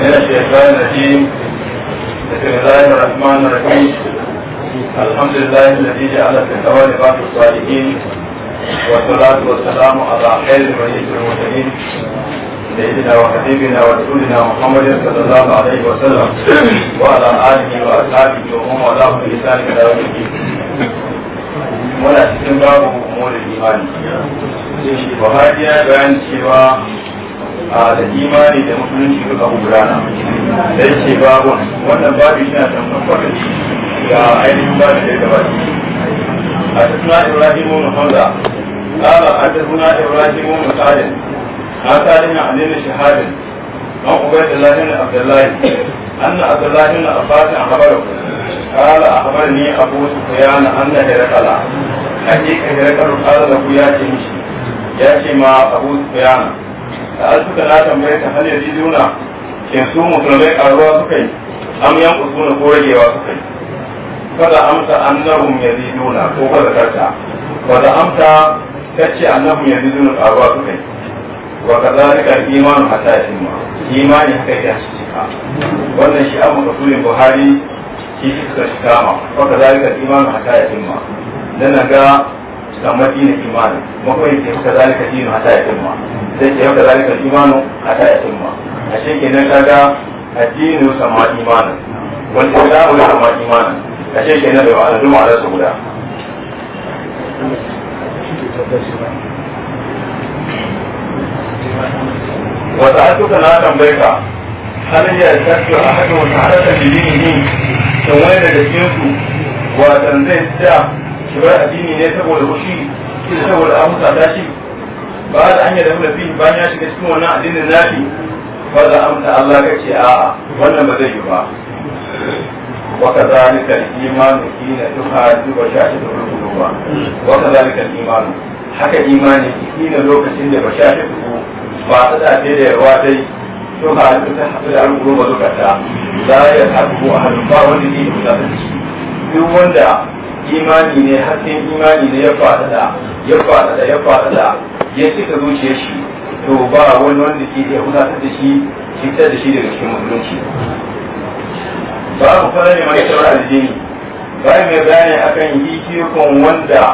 من الشيطان الرجيم بسم الله الرحمن الرحيم الحمد لله الذي جعل في الثواب بعض الصالحين والصلاة والسلام على خير المريض المرسلين سيدنا وحبيبنا ورسولنا محمد صلى الله عليه وسلم وعلى آله وأصحابه وهم والاه بإحسان إلى يوم الدين ولا تتم باب أمور الإيمان وهذه بيان سوى a da imani da musulunci duka gudana sai ce babun wannan babu shi na tamfafar ga ainihin ba da ya gabaci a cikin ibrahim mu hamza ala a cikin ibrahim mu kadin a kadin a nemi shahadin an ubai da lahin da abdullahi an na abdullahi na abbasin a habar ala a habar ne a su kuya yana an na hira kala a ji ka hira kala da ku ya ce mishi ya ce ma abu su kuya na da suka na tambaye ta hal yaziduna shin su musulmai karuwa suka yi am yan suna ko ragewa suka yi kada amsa annahum yaziduna ko kada karta kada amsa tace annahum yaziduna karuwa suka yi wa kadhalika al-iman hatta yatimma imani haka ya yake cika wannan shi abu kasulin buhari shi suka shi kama wa kadhalika al-iman hatta yatimma dan ga kamar dinin imani makwai ce haka zalika dinu hata ya cimma sai ce haka zalika imanu hata ya cimma a shi kenan kaga addinu sama imanin wani islamu ya sama imanin a shi kenan bai ma'ana duma ala su guda wata asuka na tambaye ka halin ya tafiya a haka wata harkar da dini ne wani daga cikinsu watan zai tsaya shi addini ne saboda rushi shi saboda an husata shi ba da an yadda da bayan ya shiga cikin wannan addinin nashi ba za amsa Allah ka ce a wannan ba zai yi ba وكذلك الإيمان حين تحارب وشاشة القلوب وكذلك الإيمان haka imani kila lokacin da ba shafi ku ba ta dace da yawa dai to ba ta ta haɗu da al'umma ba za ya haɗu a ba wanda ke da ta ci duk wanda imani ne hasken imani ne ya fadada ya fadada ya fadada ya cika zuciyar shi to ba wani wanda ke iya hudatar da shi fitar da shi daga cikin musulunci ba mu fara ne mai tsara addini ba mai bayani akan hikikun wanda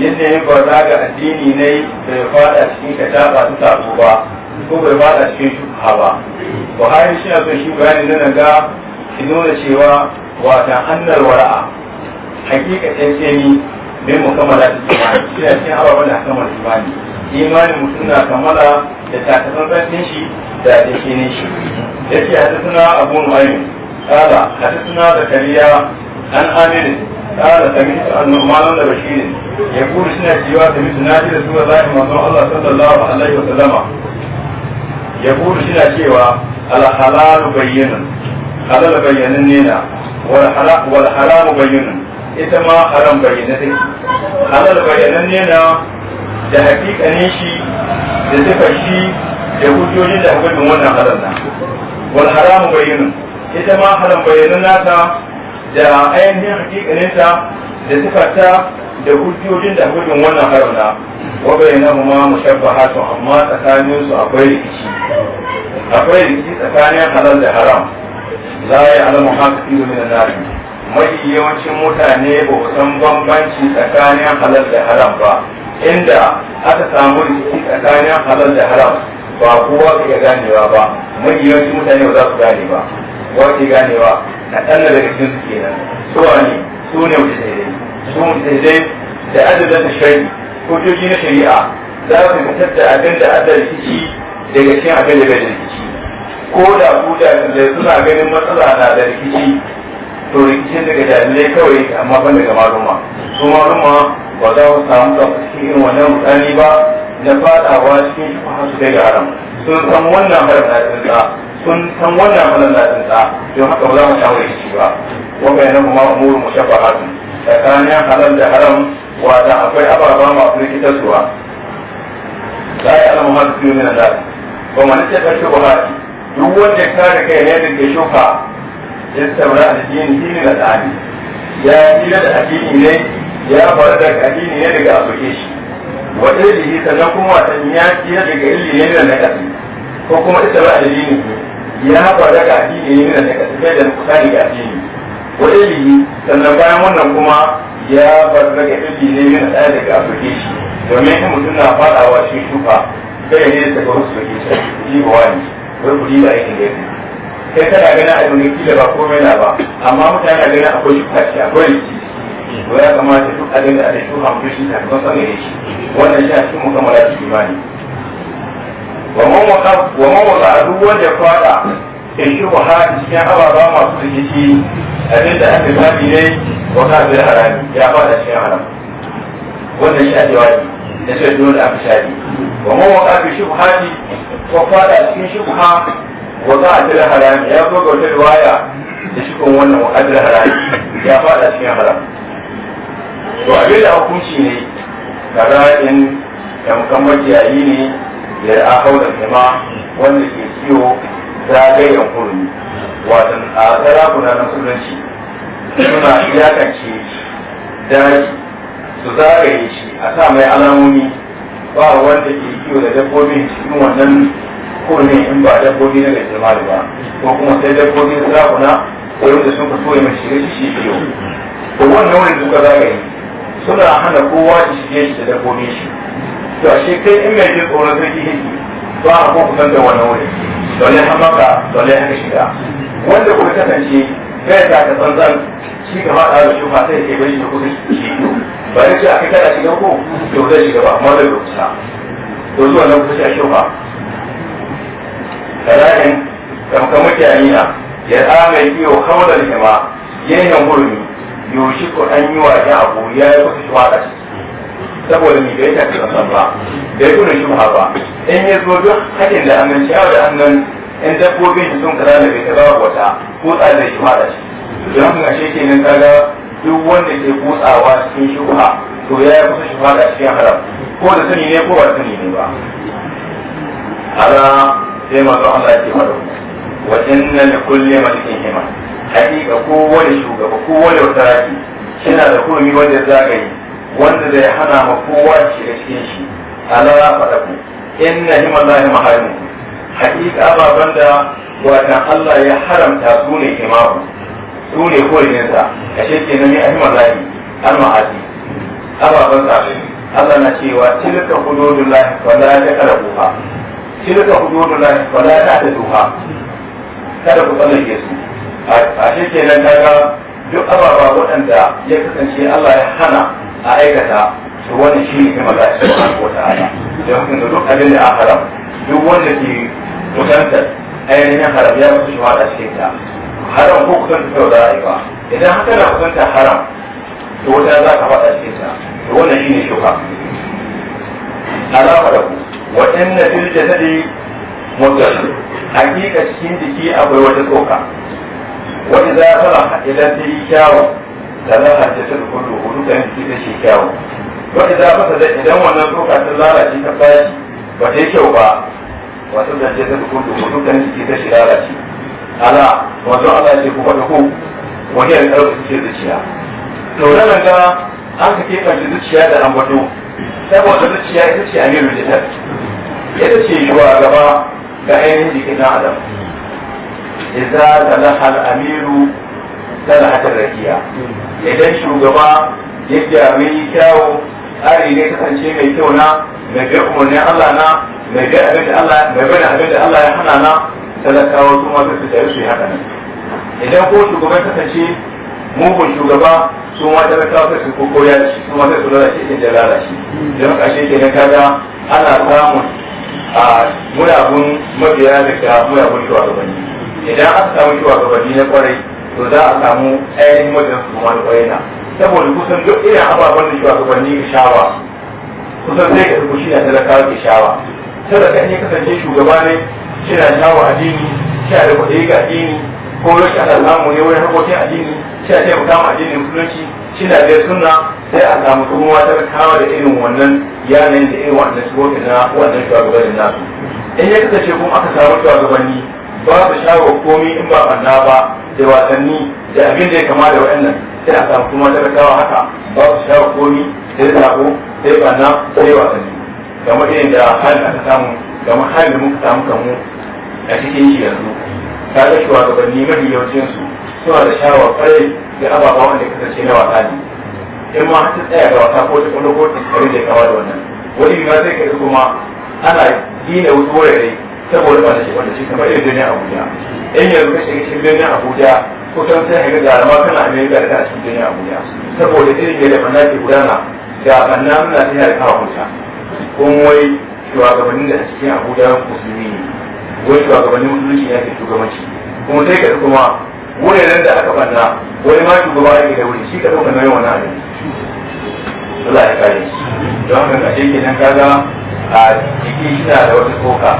yadda ya fara ga addini ne bai fada cikin kata ba ta tabo ba ko bai fada cikin shubha ba buhari shi na so shi bayani na naga ki nuna cewa wata annar wara'a hakika ni bai mu kammala da imani shi da cikin ababen da aka kammala imani imanin mutum na kammala da takasan tsantsin shi da tsakinin shi ya ce hadisuna abu nu'aymin قال حدثنا زكريا عن عامر قال سمعت عن da بن بشير يقول سنة جوا سمعت ناجي رسول الله صلى الله صلى الله عليه وسلم يقول سنة جوا الحلال بينا حلال بينا والحرام بينا ita ma haram bayyana take halal bayyanan ne na da hakikanin shi da sifar shi da hujjojin da hukumin wannan halal na wani haram bayyanun ita ma haram bayyanan nata da ainihin hakikanin ta da sifarta da hujjojin da hukumin wannan haram na wa bayyanahu ma mushabbahatu amma tsakanin su akwai rikici akwai rikici tsakanin halal da haram la ya'lamu haqqi min an-nabi mafi yawancin mutane ba san bambanci tsakanin halal da haram ba inda aka samu rikici tsakanin halal da haram ba kowa ka ganewa ba mafi yawancin mutane ba za su gane ba kowa ke ganewa na ɗan daga cikin su kenan su ne su ne mutane su mutane da adadin da shari'a hujjoji na shari'a za su fitar da abin da adadin rikici daga cikin abin da bai da rikici ko da ku da suna ganin matsala na da rikici to rikicin daga jami'ai kawai amma ban daga maluma su maluma ba za su samu da cikin irin wani mutane ba na fadawa cikin shi su daga haram sun san wannan haram na tsinsa sun san wannan haram na tsinsa don haka ba za mu samu shi ba wanda yana kuma umuru mu shafa mushabbahatu tsakanin halal da haram wata akwai ababa masu suwa za a yi alamu masu fiye min da ba ma nake ta shubha duk wanda ya kare kai ne da ke shuka ya taura da dini dini na tsari ya kira da addini ne ya faru da addini ne daga abuke shi wa ilmihi sannan kuma watan ya kira daga ilmi ne da nakasi ko kuma ita ba addini ne ya faru da addini ne da nakasi sai da kusani ga addini wa ilmihi sannan bayan wannan kuma ya faru da ilmi ne da tsari daga abuke shi domin in mutum na fadawa shi shufa sai ya ne da wasu da ke shi ba wani wai kudi da aikin da ya kai kana gani a duniya kila ba komai na ba amma mutane na gani akwai shuka ce akwai riki to ya kamata duk abin da aka shuka mutum shi ta kuma sanin shi wannan shi a cikin mukammala ta imani wa man wata a duk wanda ya fada in shi wa hadi cikin ababa masu rikici abin da aka zabi ne wa ka bil harami ya fada cikin haram wannan shi a jawabi da sai dole aka shari wa man shi bi shubhati wa fada cikin shubha wata a cikin harami ya zo ga wata riwaya da shi kun wannan wa ajiyar harami ya fada cikin haram to abin da hukunci ne karayin yankan makiyayi ne da a hau da wanda ke kiwo zagayen kurmi watan a sarakuna na musulunci suna iyakance daji su zagaye shi a sa mai alamomi ba wanda ke kiwo da dabbobin cikin wannan ko ne in ba ne na mai girma ba ko kuma sai dabbobi na sarakuna ko yadda sun fito ya mai shiga shi biyo to wannan wani duka zagaye suna hana kowa shi shige shi da dabbobin shi to ashe kai in mai jin tsoron sarki hiki ba a ko kusan da wannan wuri dole ka dole haka shiga wanda kuma kasance kai ta ka tsantsan shi gaba da da shuka sai ke bari shi kudin shi ba ya ce a kai kada shiga ko to zai shiga ba amma zai rubuta to zuwa nan kusa shuka kala'in kamka mutanina ya da mai kiyo da hima yanyan gurmi yoshi ko an yi ya abu ya yi kusa shi waka saboda mai bai tafi kasan ba bai kuna shi ba in ya zo duk hakin da annan ciyawa da an gan in dabbobin sun kaza da bai kaza wata kutsa da shi waka don haka shi ke nan kaga duk wanda ke kutsawa cikin shubha to ya yi kusa shi waka cikin haram ko da sani ne ko ba sani ne ba ala sai masu Allah ya ce wa wa inna li kulli malikin hima hakika kowane shugaba kowane wasaraki yana da hurumi wanda za zagaye wanda zai hana ma kowa shiga cikin shi Allah ya faɗa ku inna hima lahi maharimu hakika ababen da watan Allah ya haramta su ne himahu su ne huruminsa a shekke na mi a hima lahi al-ma'asi ababen sa Allah na cewa tilka hududullahi wala ya karabuha tilka hududullahi wala duha kada ku tsallake su a shi nan daga duk ababa waɗanda ya kasance Allah ya hana a aikata to wani shi ne kuma gashi ko ta'ala da hukun da duk abin da aka haram duk wanda ke kusantar ainihin haram ya mutu shi da cikin ta haram ko kusanta sau da ba idan haka na kusanta haram to wata za ka faɗa cikin ta to wannan shi ne shuka alama da ku waɗanda inna fil jasadi mudghah hakika cikin jiki akwai wata tsoka wa idza fara idan ta yi kyawu salaha jasad kullu kan jiki da shi kyawu wa idza da idan wannan tsoka ta lalace ta bashi ba ta yi kyau ba wasu da jasad kullu kan jiki da shi lalace ala wato Allah ce ku faɗa ku wani su ce zuciya to da nan ga an ka keɓance zuciya da ambato saboda zuciya ita ce amirul jihar ita ce yiwa gaba ga ainihin jikin na adam idza zalaha al-amiru zalaha rakiya idan shugaba ya jami kyawu tsari ne kasance mai kyau na mai bi umarnin Allah na mai bi abin da Allah mai bi abin da Allah ya hana na talakawa su ma su tare su yi haka nan idan ko shugaban kasance mugun shugaba su ma talakawa ta su koko ya shi su ma sai su lalace in da lalace don ƙarshe ke na kaga ana samun a murabun mabiya da daga murabun shugabanni idan aka samu shugabanni na kwarai to za a samu ainihin mabiyan su kuma da kwarai na saboda kusan duk irin ababen da shugabanni ke shawa kusan sai ka rubuci na talakawa ke shawa sai da in ya kasance shugaba ne shi na shawa addini shi da kwaɗayi ga addini ko rashin alamu ne wani harkokin addini shi a taimaka ma addinin musulunci shi na zai suna sai a samu kuma ta kawo da irin wannan yanayin da irin wannan shigokin na wannan shugabannin nasu in ya kasance kuma aka samu shugabanni babu wa komi in ba banna ba da wasanni da abin da ya kama da wa'annan sai a samu kuma kawo haka ba babu wa komi sai zaɓo sai banna sai wasanni kamar irin da hali aka samu kamar hali da muka samu kamu a cikin shi yanzu ta ga shugabanni mafi su suna da shawar kwarai da ababa wanda kasance na wasa ne in ma ta tsaya ga wasa ko ta kwallo ko ta tsari da kawo da wannan wani zai sai ka kuma ana gina wasu wurare saboda wanda shi wanda shi kamar irin a abuja in yanzu ka shiga cikin duniya abuja ko ta sai hanyar da alama kana amerika da ta cikin duniya abuja saboda irin yadda manna ke gudana da manna muna tana da kawo kuta kuma wai shugabannin da a cikin abuja musulmi ne wani shugabannin musulunci ya ke shugabanci kuma sai ka kuma nan da aka banna wani ma shugaba ya ke da wuri shi ka ɗauka nauyin yawan nan Allah ya kare shi don haka kashe kenan kaga a shi na da wata soka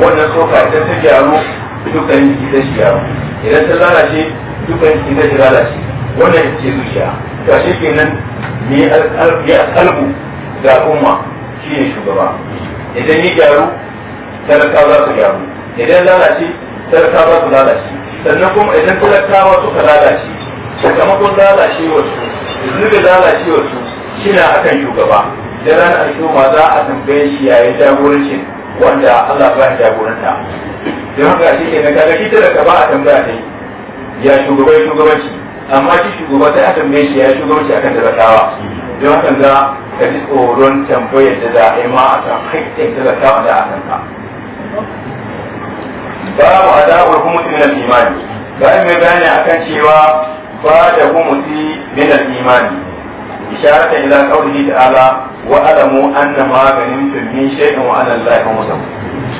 wannan soka idan ta gyaru dukkan jiki ta shi yaro idan ta lalace dukkan jiki ta shi lalace wannan ita ce zuciya kashe kenan me alƙalbu ga umma shi ne shugaba idan ya gyaru talakawa za su gyaru idan lalace talakawa su lalace sannan kuma idan talakawa suka lalace sakamakon lalace wasu zunubin lalace wasu shina akan shugaba da ran al'umma za a tambaye shi yayin jagorancin wanda Allah ba ya jagoranta don haka shi ke na kaga shi talaka ba a tambaya ta ya shugabai shugabanci amma shi shugaba ta a tambaye shi ya shugabanci akan talakawa don haka za ka ji tsoron tambayar da za a yi ma akan haƙƙin talakawa da a kanka. babu adawar humus min al-imani bayan mai bayani akan cewa ba da humusi min al-imani إشارة إلى قوله تعالى وألموا أن ما غنمتم من شيء وأن الله خمسه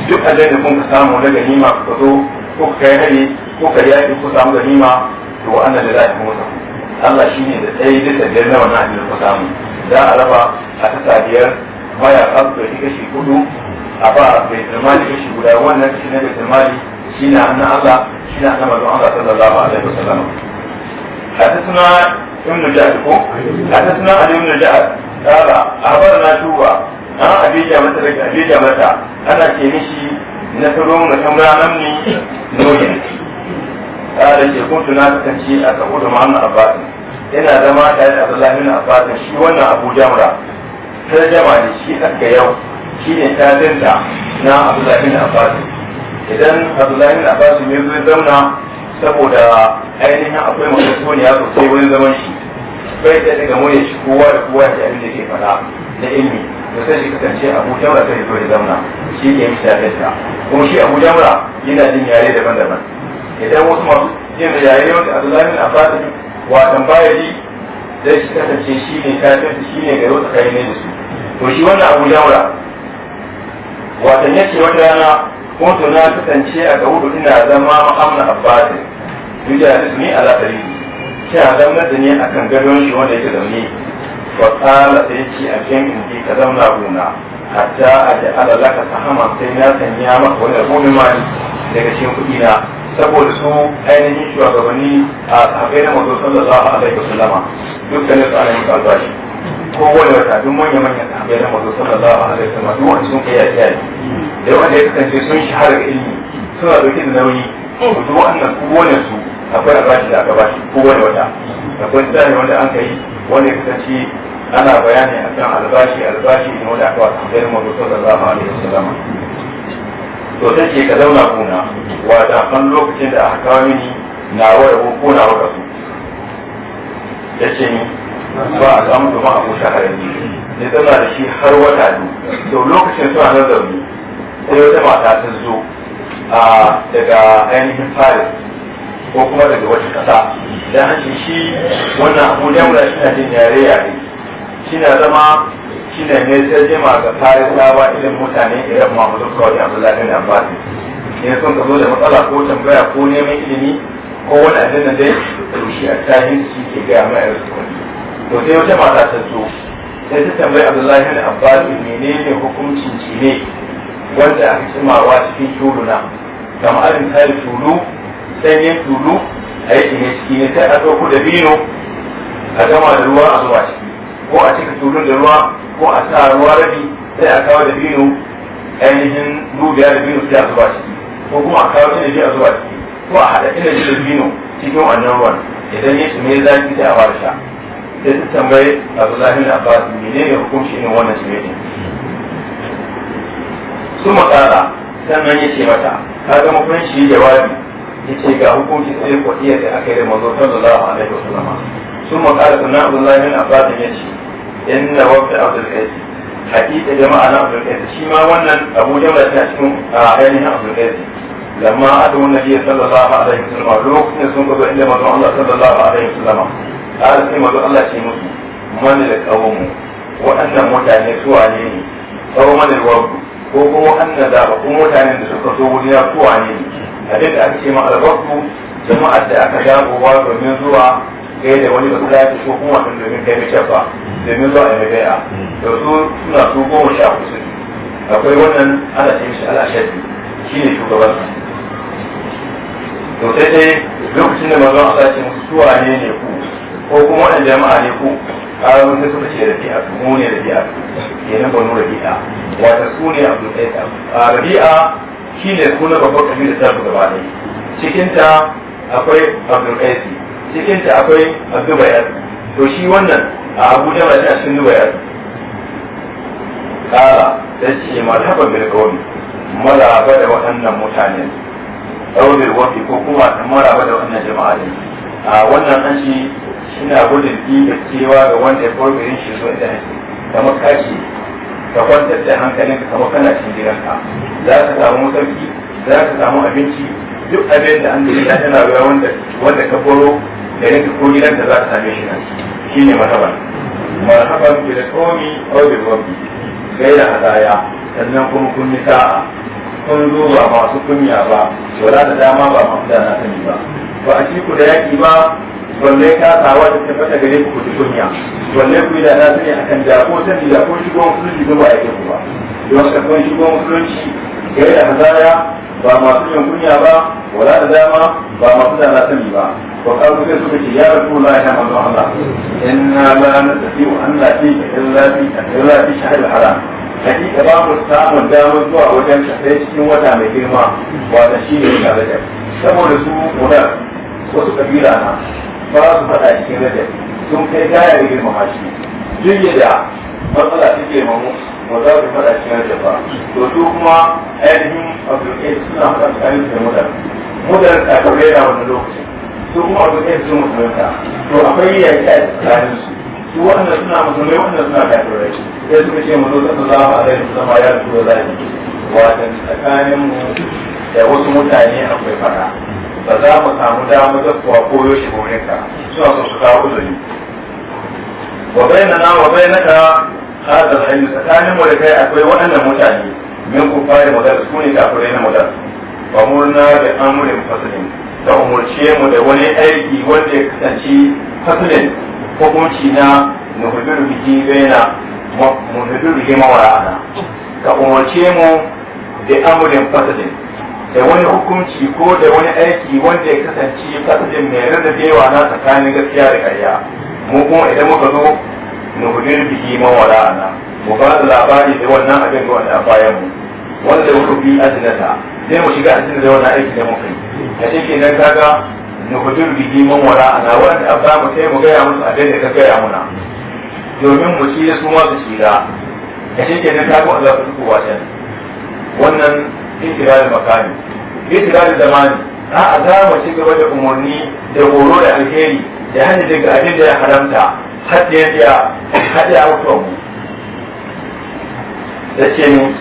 duk abin da kun samu na ganima ku zo ku kai hari ku ka yaki ku samu ganima to wa anna lillahi musa Allah shine da tsayi da tsayi na wannan abin ku samu da a raba a ta biyar baya kasu da kashi hudu a ba bai tsammani kashi guda wannan shi ne bai tsammani shi ne an Allah shi ne an mazan Allah sallallahu alaihi wasallam حدثنا ابن جعد حدثنا علي بن جعد قال اخبرنا شوبه عن ابي جامعه ابي جامعه انا كيمشي نسر ومشمنا نمني نوين قال كنت ناتكنشي اتقول da ابن عباس ina zama tare da Abdullahi bin Abbas shi wannan Abuja' Jamra tarjama da shi aka yau shi ne tazinta na abdullahi na abbasu idan abdullahi na abbasu ne zai zauna saboda ainihin akwai masu makasoniya sosai wani zaman shi bai da daga mai shi kowa da kowa da abin da ke fada na ilmi da sai shi kasance abu jamra sai zo ya zauna shi ne mishi tazinta kuma shi abu jamra yana jin yare daban-daban idan wasu masu jin da yare wanda abdullahi na abbasu wa tambaya zai shi kasance shi ne kafin shi ne gari wata kayan ne da su to shi wannan abu jaura watan ya wata rana kuntu na kasance a gauru ina zama ma'amna abbasi yuja da su ni ala tarihi kina zama da ni akan gadon shi wanda yake zaune وقال kala sai ce a لابونا حتى ka zauna gona hatta a ji alala ka sahama sai na sanya maka wani abu daga cikin kuɗi na saboda su ainihin shugabanni a haɓe na mazo ko wata duk manya manya ta haɓe na mazo a alaihi wasallama duk wani sun kai yaƙi yaƙi da wanda ya kasance sun shahara ga ilimi suna ɗauke da nauyi duk wannan ko su akwai al-bashi da aka bashi ko wata akwai tsari wanda an kai wani kasance ana bayani akan albashi albashi ne wanda aka wasu zai mu sallallahu alaihi wasallam to sai ce ka zauna kuna wata kan lokacin da aka kawo mini na wara ko na wara su yace ni ba a samu kuma abu yanzu. ne zama da shi har wata biyu to lokacin suna nan zaune sai wata mata ta zo daga ainihin paris ko kuma daga wata kasa da hanci shi wannan abu da shi na jin yare yare shine zama shine ne sai ma ga tare ba irin mutane irin Muhammadu Saudi Abdullahi bin Abbas ne sun ka zo da matsala ko tambaya ko neman ilimi ko wani addinin dai to shi a tahin shi ke ga mai arziki to sai wata mata ta zo sai ta tambayi Abdullahi ne ne menene hukuncin cine wanda aka cimawa cikin tuluna kamar arin tare tulu sanyin tulu a yi ne ciki ne sai a ɗauko da bino a gama da ruwa a zuwa ciki ko a cika tulun da ruwa ko a sa ruwa rabi sai a kawo da bino ainihin dubiya da bino sai a zuba ciki ko kuma a kawo inabi a zuba ciki ko a haɗa ina da bino cikin wannan ruwan idan ya shi mai zaki sai a fara sha sai su tambaye abdullahi bin ne menene hukunci irin wannan shi ne su makara sannan ya ce mata ka ga mafi shi jawabi ya ce ga hukunci sai kwaɗiyar da aka yi da mazo sallallahu alaihi wasallama sun makara sannan abdullahi bin abbasin ya ce inna wafi abdulkaisi hakika jama'a na abdulkaisi shi ma wannan abu jamla tana cikin ainihin abdulkaisi lamma a adu nabi sallallahu alaihi wasallam lokacin sun gaba inda manzon Allah sallallahu alaihi wasallam qala sai manzon Allah ce musu man da qawmu waɗannan mutane su wane ne qawman al-wardu ko kuma annan da ko mutanen da suka zo wuri suwa ne wane a duk da aka ce ma al jama'a jama'ar da aka dagowa domin zuwa kai da wani ba ya su kuma kan domin kai mace ba domin zuwa ya bai'a to su suna su goma sha hudu akwai wannan ana ce shi al'ashadi ne shugaban to sai dai lokacin da manzon a ce musu a ne ne ku ko kuma wannan jama'a ne ku ƙararrun da suka ce rabi'a mu ne rabi'a kenan banu rabi'a wata su ne abu a rabi'a ne suna babbar kabilar ta gaba ɗaya cikinta akwai abdul qaisi cikin ta akwai bayar to shi wannan a abu jama sun zuba zubayar kala da ce marhaba bil qawmi ba da waɗannan mutane ɗaurin wafi ko kuma ba da waɗannan jama'a ne a wannan an shi na gudun ɗiga cewa ga wanda ya farko yin shi zuwa idan da makashi ka kwantar da hankalinka kamar kana cikin gidanka za ka samu mutarki za ka samu abinci duk abin da an da ya tana wanda wanda ka boro garin ko gidan ka za ka same shi nan shi ne marhaban marhaban bi da komi au bi komi da hadaya sannan kuma kun yi sa'a kun zo ba masu kunya ba wala da dama ba masu da na sani ba ba a ku da yaƙi ba wallai ka tsawa da tabbata gare ku kuɗi kunya wallai ku yi da na sani akan da ko sani da ko shigo musulunci ba ya ku ba don ka kun shigo musulunci gai da hazaya ba masu yin kunya ba wala da dama ba masu da na sani ba ka ku sai suka ce ya rasu la ya manzo Allah inna la wa an nati illa bi illa bi shahr al-haram hakika ba mu samun damar zuwa wajen shafe cikin wata mai girma wata shi ne da rajab saboda su muna wasu kabila na ba su fada cikin rajab sun kai gaya da girma shi jirgin da matsala take mamu ba za su faɗa cikin da ba to su kuma ainihin abdulkai suna faɗa tsakanin da mudar mudar kafirai wani su kuma sun to akwai a tsakanin su su suna musulmai suna kafirai sai suka ce ta a zama ya tura zaki wajen tsakanin mu da wasu mutane akwai ba za mu samu damar ko suna so su kawo wa wa hada tsakanin mu da kai akwai waɗannan mutane min ku fara magana na magana murna da mu da wani aiki wanda kasance hukunci da wani hukunci ko da wani aiki wanda ya kasance fasadin mai rarrabewa na tsakanin gaskiya da karya mu kuma idan muka zo nukudir biki mawara ana mu ba da labari da wannan abin da wani a mu wanda ya fi azinata sai mu shiga cikin da wannan aiki da mu kai. a cikin nan kaga nuhudin biki mawara ana wanda a ba mu sai mu gaya musu a daidai ka gaya muna domin mu ci su ma su da a cikin nan kaga wanda su kuwa can wannan ikirarin makami ikirarin zamani a za mu ci gaba da umarni da horo da alheri da hannun daga abin da ya haramta haɗe biya haɗe a wasu abu ya ce ni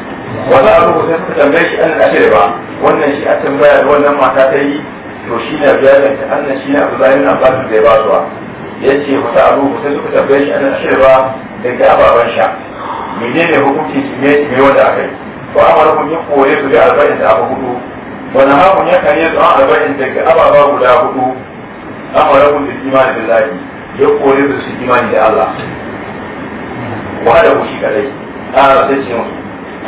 wanda a rubuta suka tambaye shi an ashe ba wannan shi a tambaya da wannan mata ta yi to shi na bayanin ta annan shi na abu zayin na ba su zai ba su ya ce wata a rubuta suka tambaye shi an ashe ba daga ababen sha ne hukuncin kimiyyar kimiyyar wanda aka yi to amara kun yi kore su ga arba'in da aka hudu wani hakun ya kare su an arba'in daga ababa guda hudu amara kun da imani billahi ya kore da su imani da Allah wa da ku shi kadai ƙara ta ce musu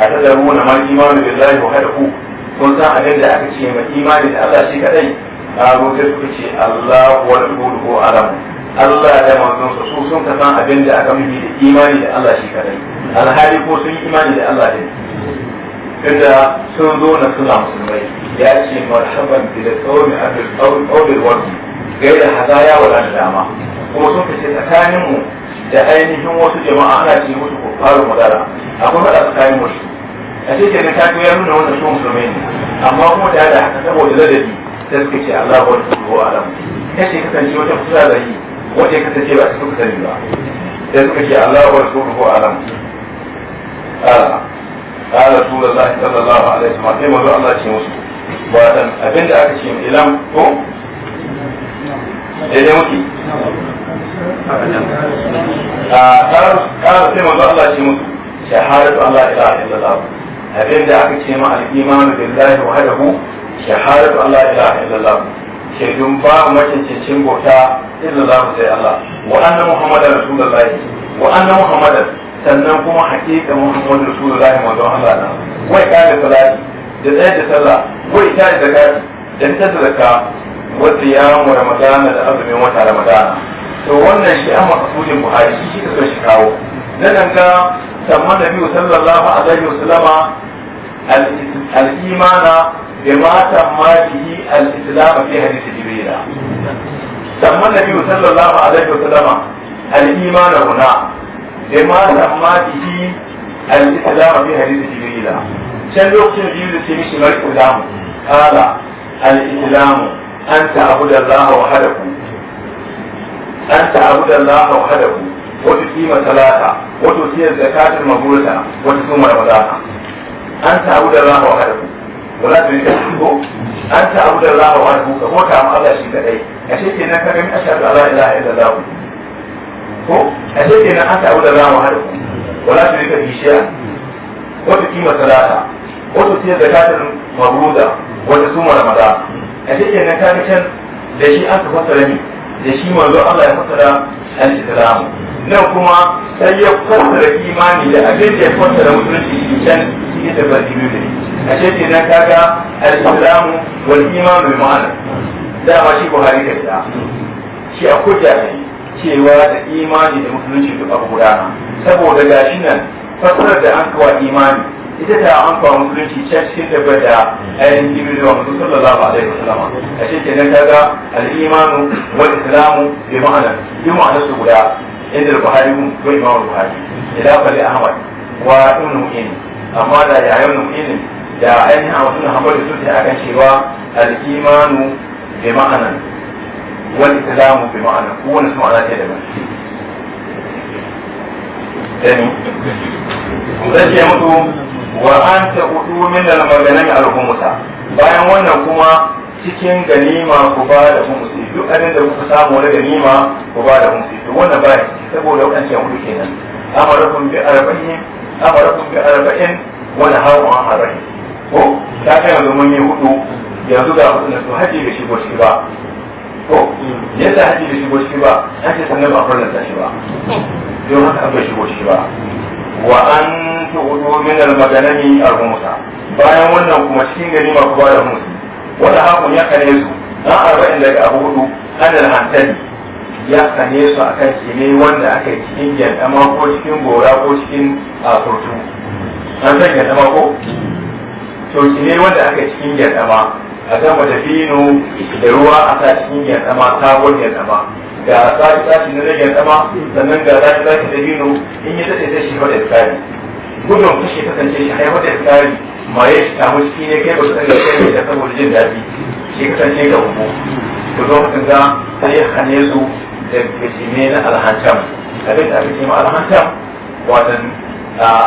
a ta da na ma imanu da zai wa ku sun san abin da aka ce ma imani da Allah shi kadai ƙaro ta suka ce Allah wa rasulu ko alamu Allah da manzonsa su sun ka san abin da aka muke da imani da Allah shi kadai alhali ko sun yi imani da Allah ne kada sun zo na suna musulmai ya ce marhaban bi da tsawon abin tsawon tsawon wani gaira hadaya wa dama kuma sun kace tsakanin mu da ainihin wasu jama'a ana ce musu kuffaru madara akwai hada tsakanin mu a ce kenan ta ya nuna wannan su musulmai ne amma kuma da da haka saboda ladabi sai suka ce Allah wa rasuluhu alam kace kasance wata fusara da yi wanda ya kasance ba cikin sani ba sai suka ce Allah wa rasuluhu alam قال رسول الله صلى الله عليه وسلم sai manzo Allah ce musu ba dan abinda aka ce ilam ko ƙarar ah, sai manzo Allah ce musu shahadatu Allah ila illallah abin da aka ce ma al-imanu billahi wahdahu shahadatu Allah ila illallah shaidun ba macincin bauta illallah sai Allah wa anna muhammadan rasulullahi wa anna muhammadan sannan kuma hakika muhammadu rasulullahi manzo Allah na wai kare salati da tsaye da sallah wai tare da gadi da ta zakka wa siyamu ramadana da azumin wata ramadana to wannan shi amma kasudin buhari shi shi ka so shi kawo na danga samman da biyu sallallahu alaihi wasallama al-imana bima samma bihi al-islam fi hadith jibril samman da biyu sallallahu alaihi wasallama al-imana huna bima samma bihi al-islam fi hadith jibril can lokacin biyu da sai mishi marku zamu kala al-islam anta abudallahi wa hadakum أن تعبد الله وحده وتقيم الصلاة وتؤتي الزكاة المفروضة وتصوم رمضان أن تعبد الله وحده ولا تريد أن تعبد الله وحده كما كان الله شيء كدي أشهد أنك من أشهد أن لا إله إلا الله ko a ce kenan an ta'u da rama har wala ta rika bishiya wata kima salata wata ce da katar mabruda wata suma ramada a ce kenan ka ga can da shi an ka fassara ni da shi manzo Allah ya fassara al-islamu nan kuma sai ya fassara imani da abin da ya fassara musulunci shi can cikin da biyu ne a ce ne kaga al-islamu wal imanu bil ma'ana ba shi Buhari da ta shi a kuja ne cewa da imani da musulunci duk a gudana saboda gashi nan fassarar da an kawo imani ita ta an kawo musulunci can cikin tabbar da ainihin jibril wa mutum sallallahu alaihi wasallam a shi kenan ta ga al'imanu wal islamu bi ma'ana bi ma'ana su guda inda al-buhari wa imam al-buhari ila fali ahmad wa ibn mu'in amma da yayin mu'in da ainihin a wasu hamar da suke akan cewa al'imanu bi ma'ana wal islamu bi ma'ana wani su ma'ana ta daban Dani, zai ce mutu wa an ta hudu min al maganan al bayan wannan kuma cikin ganima ku ba da humusi duk abin da kuka samu wani ganima ku ba da humusi to wannan baya saboda wadancan hudu kenan amarakum bi arba'in amarakum bi arba'in wa nahawu an arba'in ko ta kai yanzu mun yi hudu yanzu ga hudu na to haji da shigo ciki ba ko yadda haji da shigo ciki ba haji sannan ba farlanta shi ba don haka an bai shigo ciki ba wa an tu'udu min al-madanami al-musa bayan wannan kuma cikin gari ma kuwa da musu wanda haku ya kane su dan arba'in daga abu hudu hadal hantali ya kane su a kan kine wanda aka yi cikin gyandama ko cikin gora ko cikin furtu an san gyandama ko to kine wanda aka yi cikin gyandama a gama da da ruwa a sa cikin gyandama sabon gyandama ga tashi tashi na rage sama sannan ga tashi tashi da bino in yi daɗe sai shi haɗa tsari gudun fushi kasance shi haifar da tsari ma ya shi samu ciki ne kai ba su tsari kai da saboda jin daɗi shi kasance ga uku to lokacin da sai ya hane su da jime na a abin da aka ce ma alhantam watan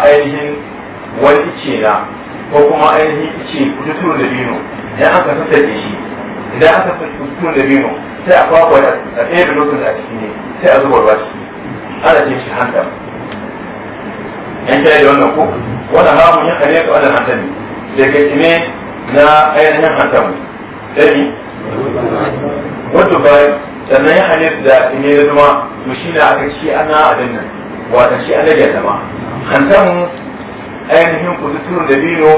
ainihin wani ice na ko kuma ainihin ice kututuru da bino idan aka sassa da shi idan aka fi cikin da bino sai a kwakwa a ɗaya da lokacin a ciki ne sai a zuba ruwa ciki ana ce shi hanta yan kiyaye da wannan ko wannan hamun ya kare ka wannan hanta ne daga kime na ainihin hanta mu dani wato bayan sannan ya hane da kine da zuma to shi na aka ci ana a nan wata shi ana da zama hanta mu ainihin kuduturun da bino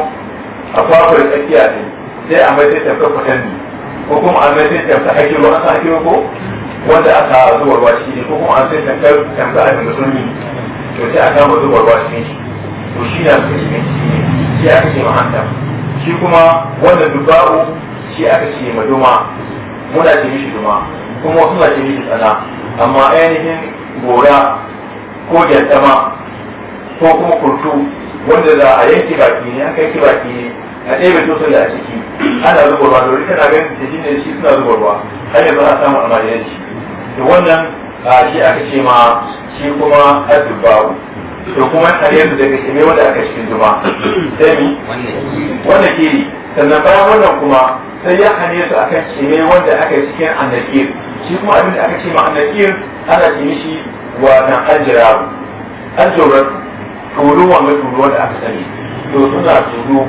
a kwakwa da tsakiya ne sai a mai sai tafka kwatanni ko kuma an mai sai ta hakiro an sa hakiro ko wanda aka zuwa ruwa ne ko kuma an sai ta kai tamta a musulmi to sai aka kama zuwa ruwa shi to shi na suka shi shi aka ce mahanta shi kuma wanda dubau shi aka ce maduma muna ce mishi duma kuma wasu na ce mishi tsana amma ainihin gora ko gyantama ko kuma kurtu wanda za a yanki baki ne aka yanke baki ne a ɗaya tosa da a ciki ana zubarwa da rika na ganin da ne shi suna zubarwa har yanzu ana samun shi da wannan a shi aka ce ma shi kuma addubawu to kuma har yanzu daga shi wanda aka cikin juma sai mi wannan kiri sannan bayan wannan kuma sai ya hane su akan kime wanda aka cikin annakir shi kuma abin da aka ce ma annakir ana ce mishi wa nan aljirabu aljurar turuwa mai turuwa wanda aka sani to suna turu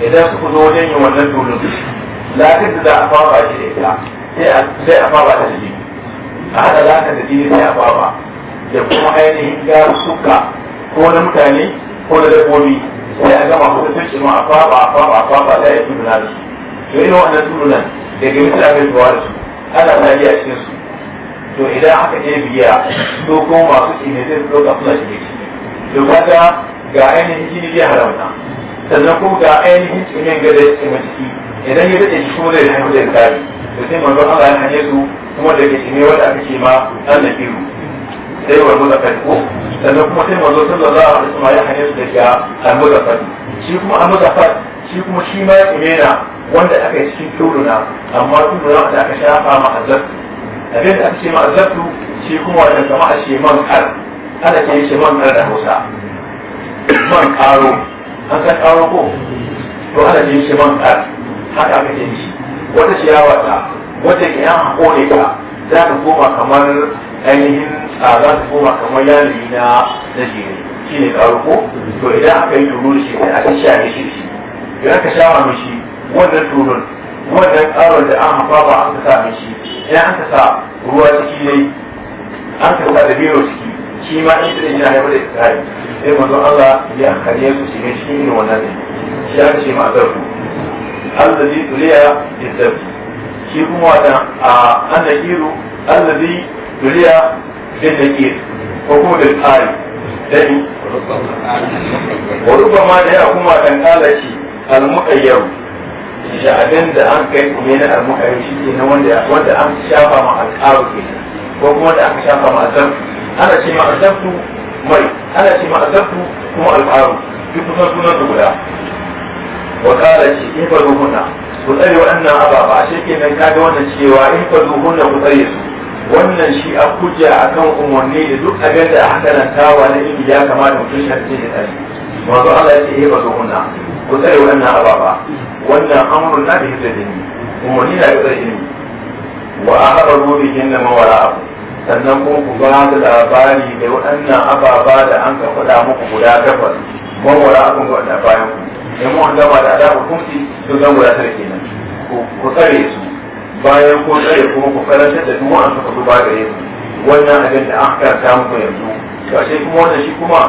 idan suka zo wajen yin wannan dolin lafiyar da za a fara shi da ita sai a fara da jini a haɗa lafiyar da jini sai a fara da kuma ainihin gasu suka ko na mutane ko da dabbobi sai a gama kusa sun ce ma a fara a fara a fara da ya tudu na da shi to ina wannan tudu nan daga ta bai zuwa da su ana tarihi a cikin su to idan aka je biya dokon masu kine zai su ɗauka suna shi ne to kaga ga ainihin jini zai haramta sannan kuma ga ainihin tsinin ga da ya tsima jiki idan ya daɗe shi kuma zai hannu zai kare da sai manzo Allah ya hanye su kuma da ke tsine wanda aka ce ma an na kiru sai wa muza fadi ko sannan kuma sai manzo sallallahu alaihi wasallam ya hanye su daga al muza fadi shi kuma al muza fadi shi kuma shi ma ya tsine na wanda aka yi cikin turuna amma turuna da aka shafa ma azzatu abin da aka ce ma azzatu shi kuma wanda kama a ce man kar ana ce shi man kar da Hausa man karo an ka tsawon ko to ana jin shi man kar haka aka jin shi wata ciyawa ta wata ke yan hakone ta za ta koma kamar ainihin a za ta koma kamar yanayi na na jini shi ne tsaro ko to idan aka yi turu da shi sai aka sha ne shi shi idan ka shawa mishi wannan turun wannan tsaron da an hafa ba an ka sa mishi idan an ka sa ruwa ciki ne an ka sa da biro ciki shi ma in sai ya haifar da istihabi sai manzon Allah ya kare su shiga cikin wannan ne shi aka ce ma zarfu allazi tuliya bisabi shi kuma wata a annakiru allazi tuliya bisabi ko kuma bil qari dai wa rubama da ya kuma dan kala shi al muqayyar shi abin da an kai kuma na al muqayyar shi ne wanda wanda an shafa ma al qaru ko kuma da aka shafa ma zarfu ana ce ma azabtu mai ana ce ma azabtu kuma al'aru duk kusan sunan su guda wa kala shi in fa ruhuna ku tsare wannan ababa a shi kenan kaga wannan cewa in fa ruhuna ku tsare su wannan shi a hujja akan umarni da duk abin da aka karantawa na ilimi ya kamata mutum shi hakkin ya tsare manzo Allah ya ce in fa ruhuna ku tsare waɗannan ababa wannan amrun na da hidda dini umarni na da tsare jini wa a haɗa rubihin na mawara abu sannan kuma ku ba da labari da waɗannan ababa da an ka faɗa muku guda takwas ko wala abin ga da bayan ku da mu gama da adabu kumsi to zan guda tare kenan ku tsare su bayan ku tsare kuma ku karantar da duk wanda suka duba gare su wannan abin da an karanta muku yanzu to ashe kuma wannan shi kuma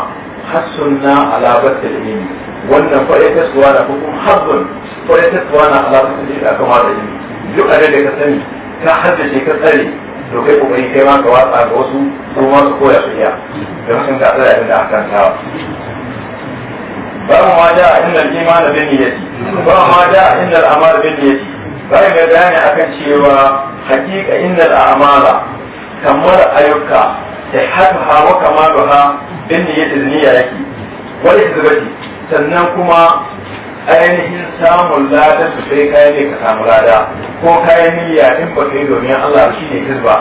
hasunna ala batta da ilimi wannan fa'idat suwana ko kuma hazzun fa'idat suwana ala batta da ilimi aka ma da ilimi duk abin da ka sani ka haddace ka tsare to kai kokari kai ma ka watsa ga wasu su ma su koya su iya da sun ka tsaya da aka kawo ba ma da inda iman da bin yati ba ma da inda al'amal bin yati bai ga bayani akan cewa hakika inda al'amala kamar ayyuka da haka hawa kamar ha bin yati da niyya yake wani izbati sannan kuma ainihin samun lada su sai kayan ne ka samu lada ko kayan niyya in ba kai domin Allah shi ne ba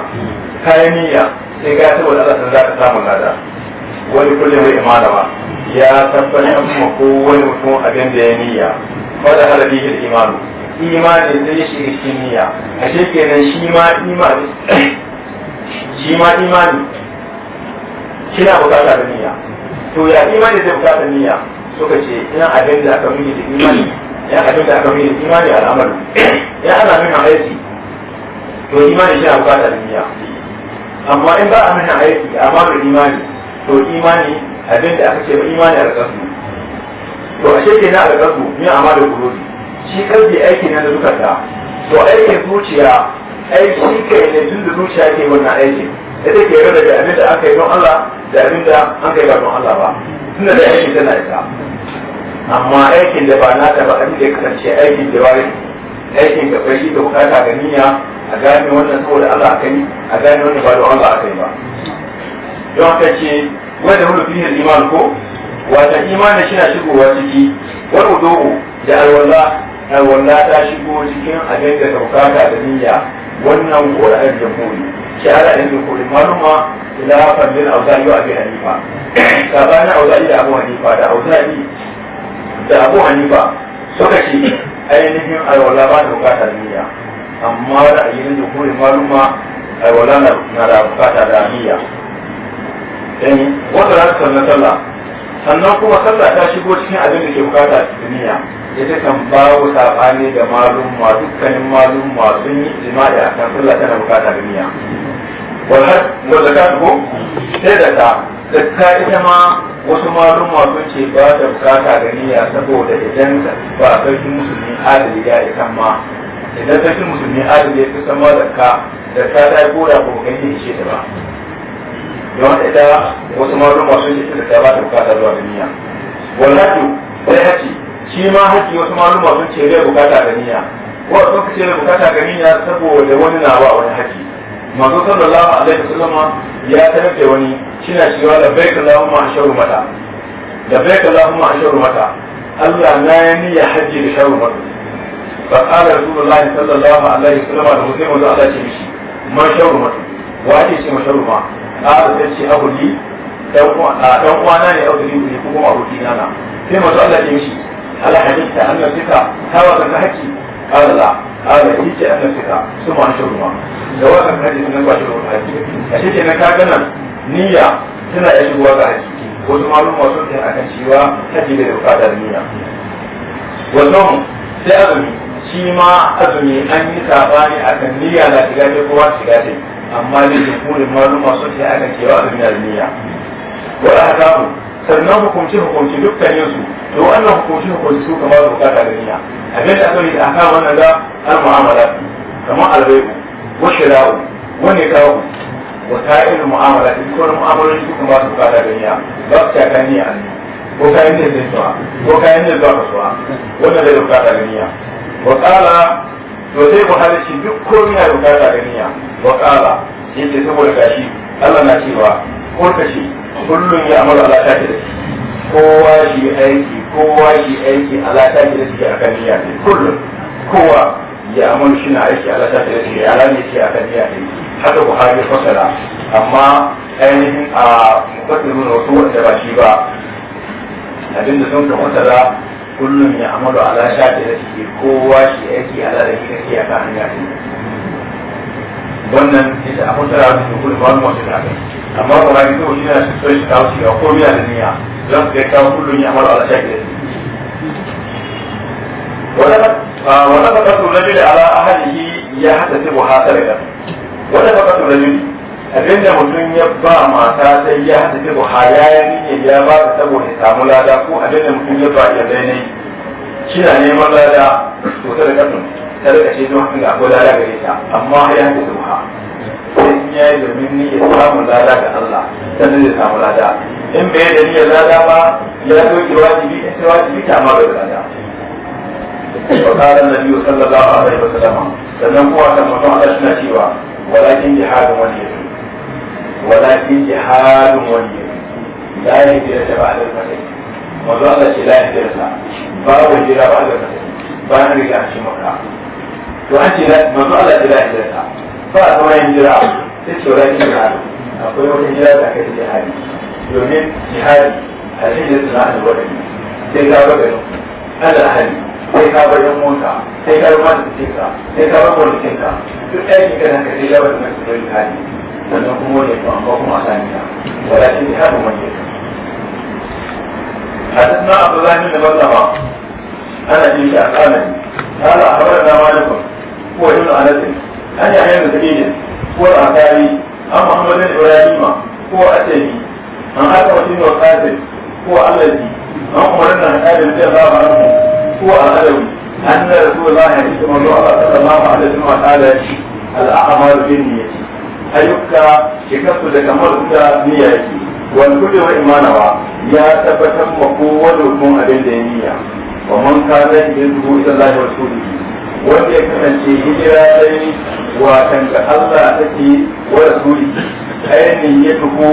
kayan niyya sai ka ta wani Allah za ka samu lada wani kullum mai ba ya tabbatar kuma ko wani mutum abin da ya niyya fada halabi da imanu imani zai shi cikin niyya a shi shi ma imani shi ma imani kina bukata da niyya to ya imani zai bukata niyya suka ce ina abin da aka mini da imani ya abin da aka mini da imani al'amari ya ana min aiki to imani shi na da duniya amma in ba a min aiki amma da imani to imani abin da aka ce ba imani alƙasu to a shekai na alƙasu min amma da kurobi shi kalbi aiki na da ta to aikin zuciya aiki kai ne tun da zuciya ke wannan aikin ita ke rada da abin da aka yi don Allah da abin da an kai ba don Allah ba tunda da aiki tana isa amma aikin da ba na ba an da kasance aikin da wari aikin da bai da bukata da niyya a gane wannan saboda Allah aka yi a gane wannan ba da Allah aka yi ba don haka ce wanda hulu yin iman ko wata imanin shi na shigowa ciki wani udo'u da alwala alwala ta shigo cikin abin da bukata da niyya wannan ko da ayyukan jamhuri shahada ɗin da kuri manuma ila fallin auzari wa abi hanifa sabanin auzari da abu hanifa da auzari da abu hanifa suka ce ainihin alwala ba da bukata niyya amma da ayyukan da kuma maluma alwala na da bukata da niyya ɗani wanda za su sannan sallah sannan kuma sallah ta shigo cikin abin da ke bukata da niyya ce kan bawo sabani da maluma dukkanin maluma sun yi jima'i kan sallah tana bukata da niyya wal har wal ko sai da ta zakka ita ma wasu malum sun ce ba da bukata ga niyya saboda idan ba a sarki musulmi adali ya isan ma idan sarki musulmi adali ya kusan ma zakka zakka ta yi koda ko kan yi ce ta ba don ita wasu malum sun ce ta ba da bukata zuwa ga niyya wallahi sai haji shi ma haji wasu malum sun ce bai bukata ga niyya wasu sun ce bai bukata ga niyya saboda wani na ba wani haji manzo sallallahu alaihi wasallam ya tafi wani shina da labbaik allahumma ashuru mata da labbaik allahumma ashuru mata Allah na ya niyya da sharu mata fa qala rasulullah sallallahu alaihi wasallam da mutum da Allah ce mishi ma sharu mata wa ake ce ma sharu ma qala sai ce abu li dan uwana ne abu li ko kuma abu na sai manzo Allah ce mishi ala haditha anna fika tawa da hakki قال لا قال إيش أنا فيها ثم أنا شرما جواب الحديث أنا بشر الحديث أشيء أنا كأنا نية سنة أشوا بعد wasu malumma sun ta akan cewa haji bai bukatar niyya wannan sai azumi shi ma azumi an yi sabani akan niyya na shiga ce kowa shiga ce amma ne jikunin malumma sun ta akan cewa azumi na niyya wala sannan hukunci hukunci dukkanin su to wannan hukunci hukunci su kamar da bukata da niyya abin da aka yi a kan wannan da al-mu'amala kamar al-bai'u wa shira'u wa nikahu wa ta'il mu'amala in kuma mu'amalolin su kamar da bukata da niyya ba su ta niyya ne ko kayan ne zai suwa ko kayan ne zuwa kasuwa wannan da bukata da niyya wa qala to sai ku halishi duk komai da bukata da niyya wa qala ce saboda gashi Allah na cewa ko kace kullum ya amara ala ta ce kowa shi aiki kowa shi aiki ala ta da shi akan niyya ne kullum kowa ya amara shi na aiki ala ta da shi ala ne shi akan niyya ne haka buhari fasara amma ainihin a mukaddimi na wasu wanda ba shi ba abinda sun ka fasara kullum ya amara ala ta da shi kowa shi aiki ala da shi akan hanya ne wannan ita a mutara da su kuma ba mu wasu da amma kuma ni to shi na so shi kawo shi ko biya da niyya zan ga kawo kullun ya amara Allah shakira wala wala ba kasu rajul ala ahlihi ya hada tibu hasarka wala ba kasu rajul abinda mutum ya ba mata sai ya hada ya hayayen ne ya ba ta saboda samu lada ko abinda mutum ya ba ya dai ne shi na neman lada to sai da kasu sadaka ce don haka akwai lada gare ta amma ya ta duka sai in ya yi domin ni ya samu lada ga Allah sannan zai samu lada in bai da niyyar lada ba ya doke wajibi in sai wajibi ta ma bai lada وقال النبي صلى الله عليه وسلم sannan kuma kan mutum Allah suna cewa walakin jihadun wani yadu walakin jihadun wani yadu la yahdira ta ba'da al-fatih manzo Allah ce la da ta babu jira ba'da al-fatih bayan riga shi maka to an ce na manzo Allah jira hijirta ba a sauran hijira ta ce wa rakin jihadi akwai wata hijira da aka jihadi domin jihadi a cikin sana'ar wadani sai ka ga ala hali sai ka bar yan mota sai ka rubuta cikinka sai ka bar kwalitinka duk aiki ka nan ka sai ya bata masu yin hali sannan kuma wani ko amma kuma a sani ka wala shi ta mu mai حدثنا عبد الله بن مسلمة أنا a أخانني قال أخبرنا مالك kowai suna nasiri an yi hanyar zafi ne ko da akari an muhammadu ne wa yalima ko a tafi an haka wani ne wa kafir ko a alaji ko a alaji an zai rasu da zahiyar shi kuma zuwa ba ta zama ba alaji ma ta da shi al'amaru bin ne ya ce ayyuka da kamar da niyya wani kudi imanawa ya tabbatar ma kowa da hukun abin da ya niyya wa man kaza yin zuwa ita zahiyar su wanda ya kasance hijira dai watan ga Allah take wa rasuli ainihin ya tuku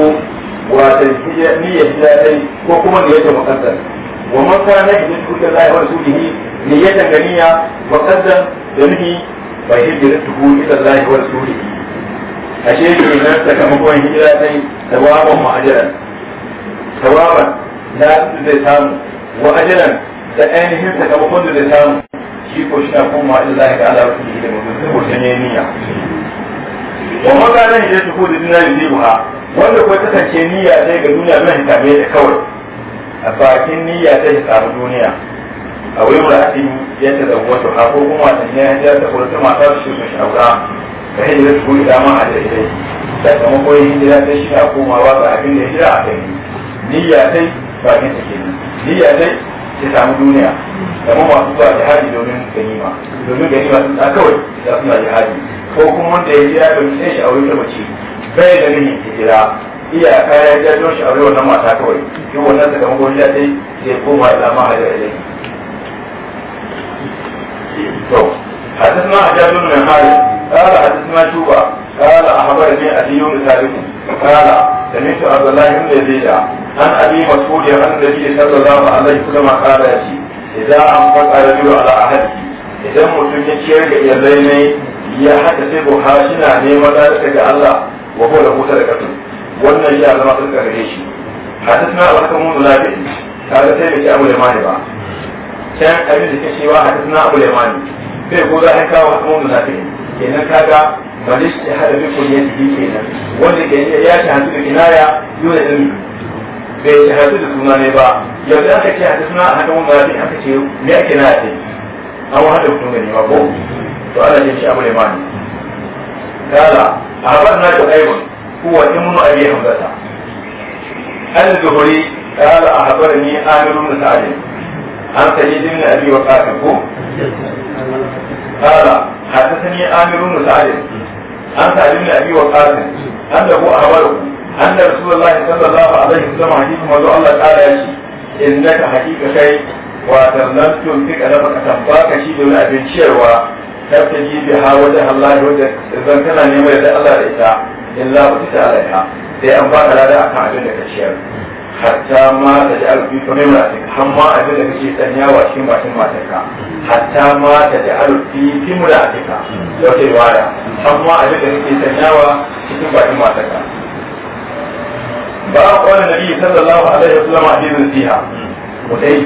watan hijira niyyar hijira dai ko kuma da yake mukaddar wa man kana idan tuku Allah wa rasulihi niyyatan ganiya mukaddar da nihi fa hijira tuku ila Allah wa rasulihi ashe ke nan sakamakon hijira dai tawaban ma'ajaran tawaban na zai samu wa ajaran da ainihin sakamakon da zai samu shi ko shi na koma in za ka ala kuɗi da mutum ko sanye niyya wa maganin ya tuko da duniya da zuwa wanda ko ta kace niyya sai ga duniya mai hisabe da kawai a bakin niyya sai hisabu duniya a wai muratin yadda ta zama wato ha ko kuma ta ne ya ta ko ta mata su shi aura ka hijira su ko dama a da idai sakamakon hijira sai shi na komawa ga abin da jira a kai niyya sai bakin ta ke niyya sai sai samu duniya da kamar masu zuwa jihadi domin ganima domin ganima sun ta kawai da suna jihadi ko kuma wanda ya jira domin sai shi a wurin mace bai da nihin hijira iyaka ya jira don shi a wurin wannan mata kawai shi wannan sakamakon ya sai zai koma ila mahajar ilai to حدثنا حجاج بن حارث قال حدثنا شوبة قال أخبرني أبي بن ثابت قال سمعت عبد الله بن يزيد عن أبي مسعود عن النبي صلى الله عليه وسلم قال يأتي إذا أنفق الرجل على أحدكم idan mutum ya ciyar da iyalai ne ya haka sai buha shina neman lalata ga Allah wa kowa da da kasu wannan ya zama sun karfe shi hadisna al-hakamu mun lafi kaga sai bai ci abu da ba can abin da ke cewa abu da bai gura an kawo mun hukumun munafi kenan kaga malish ya hada bi kun yanzu kenan wanda ke ya ta hantu da kinaya yau da ilmi bai ta hantu da suna ne ba yau da aka ce hada suna a mun munafi aka ce me ake na ce an hada hukun gani ba ko to ana ce shi abu ne ne kala a haɓar na da ɗaiban kuwa in mun abi hamzata an zuhuri kala a haɓar ni amirun da sa'adin عن سيد بن ابي وقاص قال حدثني عامر بن سعد عن سعد بن ابي وقاص انه اخبره ان رسول الله صلى الله عليه وسلم حديث موضوع الله تعالى يشي انك حقيقه شيء وتملم تمسك نفسك تنفاك شيء دون ابن شيروا تبتجي بها وجه الله وجه اذا كان نعمه الله لك الا وتسالها sai an baka lada akan abin da ka ciyar hatta ma da ji alfi kamar matarka har ma a da kake sanyawa cikin bakin matarka hatta ma da ji alfi fi mulatika da wata riwaya har ma a da kake sanyawa cikin bakin matarka ba a kwana nabi sallallahu alaihi wasallam a cikin siha mutai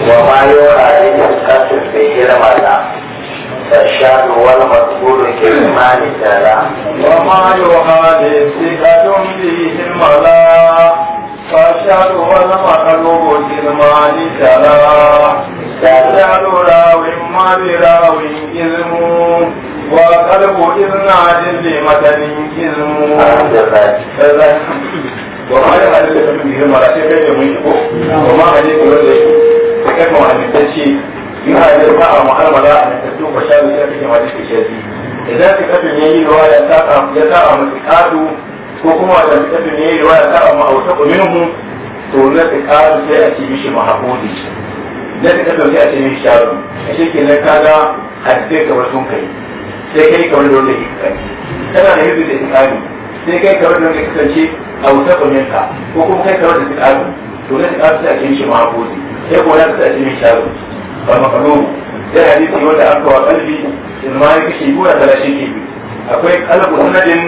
Wa ma yau a فالشهر والمقبول كلمان تلا وما يهادي ثقة فيهم ولا فالشهر والمقبول كلمان تلا تجعل راو ما براو إذم وقلب إذن عدل لمدن إذم وما يهادي ثقة فيهم ولا شيء بين يمينكم وما عليكم ولا شيء فكما عن التشيء بما يرفع محرم لا أن تكتب مشاوي سنة كما ذكر شادي إذا تكتب يلي رواية يتاقى مسكاته وكما تكتب يلي رواية يتاقى ما أوثق منه تقول لك قال سيأتي مش محبودي da ka kasance a cikin sharon a shi kenan ka a hadisai kamar sun kai sai kai kamar da wanda ke kasance tana da hizu da tsari sai kai kamar da wanda kasance a wuta kwaminka ko kuma kai kamar da tsari to na tsari sai a cikin shi ma sai kuma na tsari a cikin sharon wal maqlub da hadisi wanda an kawo kalbi in ma ya kashe gura da rashin kibi akwai kalbu sunadin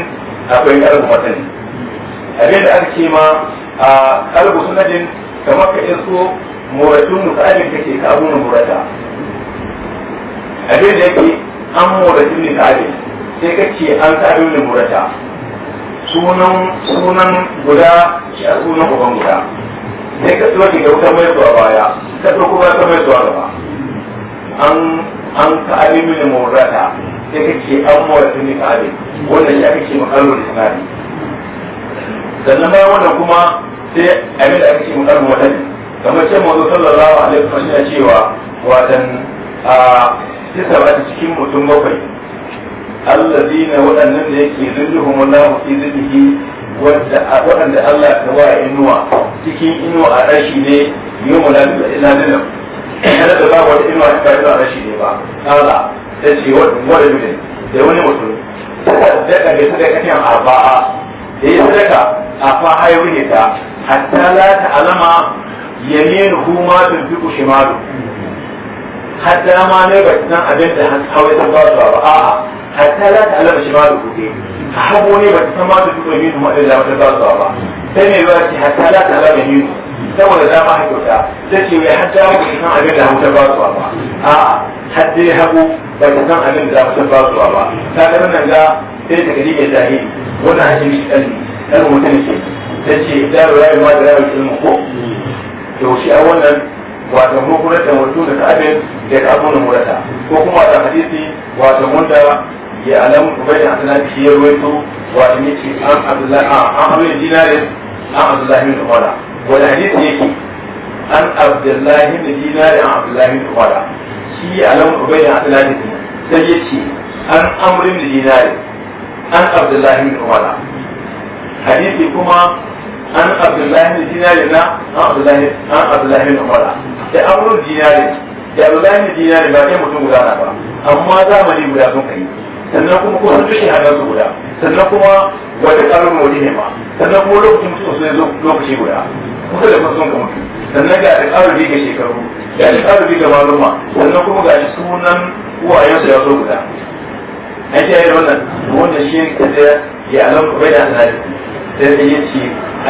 akwai kalbu matan abinda aka ce ma a kalbu sunadin kamar ka iso muratun mutsalin kake ka abu na murata abinda yake an muratun ne ka sai ka ce an ka abu na sunan sunan guda shi a sunan uban guda sai ka tsoki da wutar mai zuwa baya ka ta ba ta mai zuwa gaba an an ka alimin murata sai ka ce an mawata ne ka abin wannan ya kake makarar isnadi sannan bayan wannan kuma sai abin da aka ce makarar wata ne kamar ce mazu sallallahu alaihi wasallam yana cewa watan a kisa ba cikin mutum bakwai na waɗannan da yake zulluhum wallahu fi zullihi waɗanda Allah ta kawo inuwa cikin inuwa a rashi ne yi mu lalata ina dina kada da ba wata inuwa ta kawo a rashi ne ba Allah ta ce wadda ne da wani mutum da ka ga kan kan arba'a da yi daga a fa hayu ne ta hatta la ta alama tun fi kushe shimalu hatta ma ne ba nan abin da hawaye ta ba su ba a'a hatta la ta alama shimalu kuke hago ne ba ta san ma da suka yi kuma da jama'a ba su ba sai ne ba ce hatta la ta zama yi saboda dama ha kyauta ta ce wai hatta ba ta san abin da hamuta ba su ba a hatta ya hago ba ta san abin da hamuta ba su ba ta ga nan ga sai ta gari ya zahiri wannan hajji ɗan ɗan mutum ce ta ce da rayuwa da rayuwa ilmu ko shi a wannan wato mu kuma da mutum da abin da ka abu murata ko kuma da hadisi wato mun da ya alam ubaida hasan shi ya ruwaito wa in yace an abdullahi an hamid dinarin an abdullahi bin umara wal hadith yake an abdullahi bin dinarin an abdullahi bin umara shi ya alam ubaida hasan shi sai yace an amrin bin dinarin an abdullahi bin umara hadisi kuma an abdullahi bin dinarin na an abdullahi an abdullahi bin umara sai amrun dinarin da abdullahi bin dinarin ba dai mutum guda na ba amma zamani guda sun kai sannan kuma ko wani dushe hannun su guda sannan kuma wata karar mori ne ma sannan kuma lokacin mutum su zo lokaci guda kusa da kusa kuma sannan ga da karar bi ga shekaru ga da karar bi ga maluma sannan kuma ga sunan su ya zo guda an yi da wannan wanda shi ka da ya alam bai da hanari sai da ya ce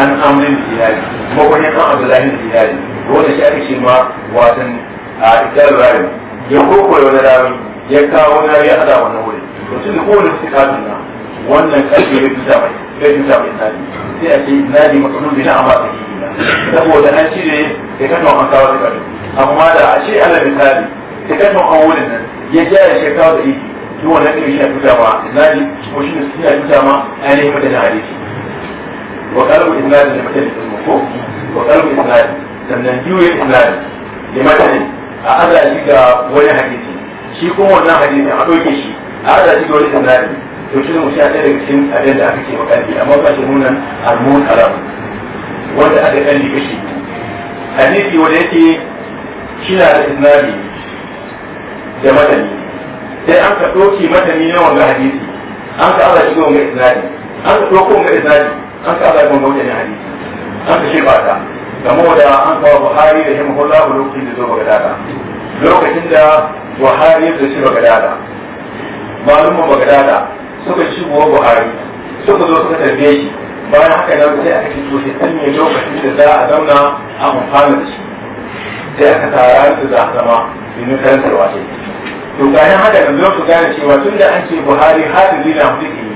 an amurin dinari kuma wani an abdullahi dinari wanda shi aka ce ma wasan a ikalin rari ya koko da wani rami ya kawo na ya hada na wuri mutum ko da suka kasu na wannan karfe ya fita mai ya fita mai nadi sai a ce nadi matsalolin bi na amma ta kiki na saboda an cire da kan an kawo da karfe amma da a ce ala misali da kan an wurin nan ya ja ya shekawa da iki shi wannan ɗin shi a fita ma nadi ko shi ne shi a fita ma a ainihin mutane hadisi wa kalbu isnadi da mutane sun ko wa kalbu isnadi sannan juye isnadi da mutane a shi ga wani hadisi shi kuma wannan hadisin a ɗauke shi har da shi wani isnadi to shi mu mutum ɗaya daga cikin abin da aka ce wa kalbi amma ba shi nunan almun karam wanda aka kalli kashi hadisi wanda yake shi na da isnadi da madani. sai an ka ɗauki madani na wanga hadisi an ka ala shi wanga isnadi an ka ɗauko wanga isnadi an ka ala shi wanga wajen hadisi an ka shirba ta game da an kawo buhari da himahullah lokacin da zo bagadada lokacin da buhari da shi bagadada malumman bagdada suka ci wa buhari suka zo suka tarbe shi bayan haka nan sai aka fito shi san me lokacin da za a zauna a amfana da shi sai aka tara su za a zama domin karantar ce to ganin haka da zo su gane cewa tun da an ce buhari hadiri na yi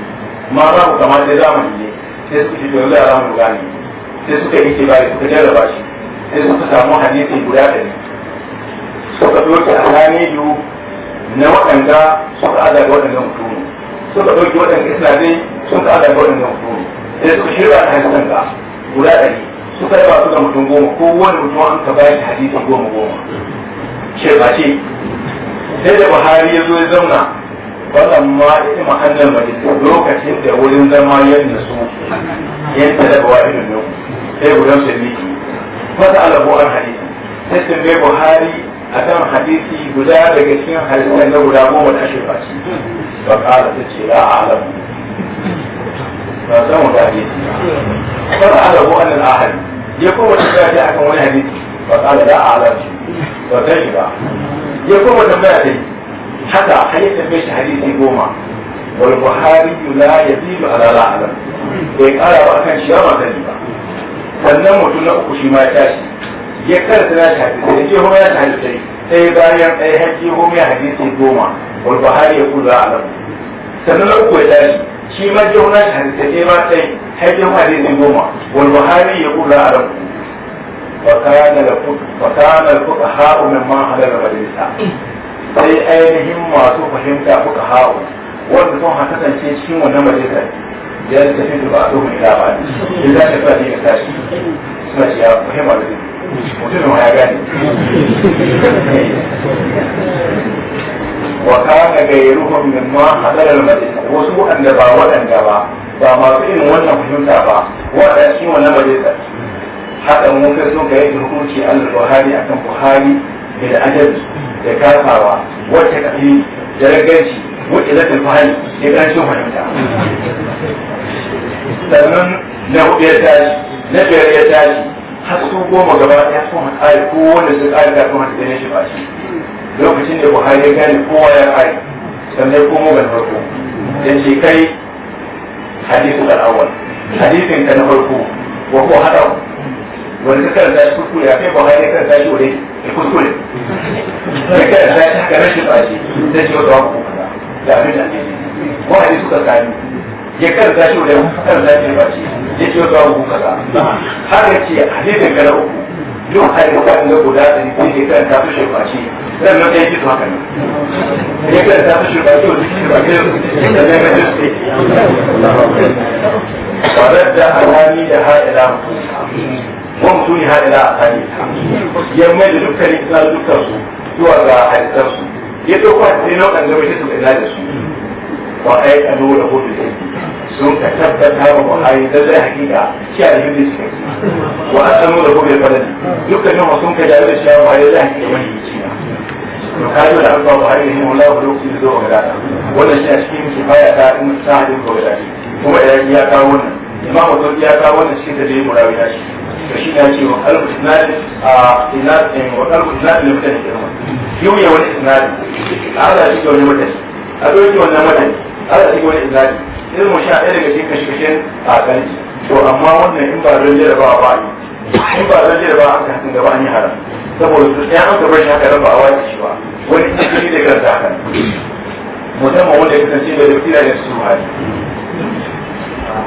ma za ku kamata zamani ne sai suka ce dole za mu gane sai suka yi kibari suka jarraba shi sai suka samu hadisi guda ɗari suka doke a gane biyu na waɗanda suka ada ga waɗannan hukumi suka ɗauki waɗanda islamai sun ka ada ga waɗannan sai suka shirya a hadisan ga guda ɗari suka yaba su ga mutum goma ko wani mutum an ka bayan hadisi goma goma ba ce sai da buhari ya zo ya zauna waɗamma ita ma'annar majalisa lokacin da wurin zama yadda su yadda da ba irin yau sai guda su miki masa alabu an hadisi sai sun bai buhari a kan hadisi guda daga cikin hadisan na guda goma da ashe baci ba kala ta ce la alam ba san wata hadisi ba na alamu an nan ahad ya kuma wata gaji akan wani hadisi ba kala la alam ba san shi ba ya kuma ta maya dai haka har ya tambaye shi hadisi goma wal buhari la yazidu ala la alam bai kara ba kan shi ba ma sani ba sannan mutum na uku shi ma ya tashi ya karanta na shi hadisi ya ce kuma ya hadisi sai bayan ɗaya hajji kuma ya hadisi goma wani ba bahari ya kula alam sannan na uku ya tashi shi ma je kuma shi hadisi sai ma sai hajji kuma hadisi goma wani ba bahari ya kula alam wa kana la fuk wa kana al fuqaha min ma hadara majalisa sai ainihin masu fahimta kuka ha'u wanda sun kasance cikin wannan majalisa yan da fin da ba a dogon ina ba in za ka fadi ka tashi suna ce ya muhimma da mutum ma ya gane wa kana gairuhum mimma ma al-majlis wasu wanda ba wadanda ba ba masu irin wannan fahimta ba wanda shi wannan majalisar haɗa mun kai sun kai hukunci al-buhari akan buhari da da ajabi da kafawa wata kafi da raganci wata zata fahimta da ƙarshen fahimta sannan na hudu ya tashi na biyar ya tashi har su goma gaba ɗaya sun haɗari ko wanda su ƙari da kuma da shi ba shi lokacin da buhari ya gane kowa ya ƙari sannan komo ga farko ya ce kai hadisu awal hadisin ka na farko wa ko haɗa wanda kan da kuskure a kai ba ya kan da shi wuri kuskure ya kan shi haka rashin tsaci da shi wata wako kuma da abin da ne wani hadisi suka sami ya kan shi wuri kan shi tsaci ya ce wata wako kuma da haka ce hadisin gara uku duk hari da kwanin da guda da ne ya kan su shi tsaci dan nan kai ji to haka ne ya kan da shi tsaci wanda shi ba ke da ne ga shi ba da alhami da ha'ila wa mutuni ha ila asali ya mai da dukkanin islam dukkan su zuwa ga hadisan su ya dauko hadisi na kan zama shi ila da su wa ai ka nuna hudu da sun ka tabbata wa buhari da zai hakika shi a yi su wa asanu da hudu da falali dukkanin wa sun ka jari da shi a buhari da zai hakika wani yi kayo da alfa buhari ne mun lawo lokacin da zo ga dada wannan shi a cikin kifaya ta in sa'adin ko da kuma ya kawo wannan imamu zabi ya ta wannan cikin da dai murawiya shi to shi na ce wa al-isnad a isnad in eh, wa al-isnad ne mutane ke kuma yau ya wani isnad ala shi ga wani mutane a dole ki wannan mutane ala shi ga wani isnad irin mu sha ɗaya daga cikin kashe-kashen a kanji to amma wannan in ba don jarabawa ba ne in ba zan jira ba an ka hakan gaba an yi haram saboda su ya an bar shi haka ba a wace shi ba wani ita kiri da karanta hakan musamman wanda ya kasance da da kira da su hali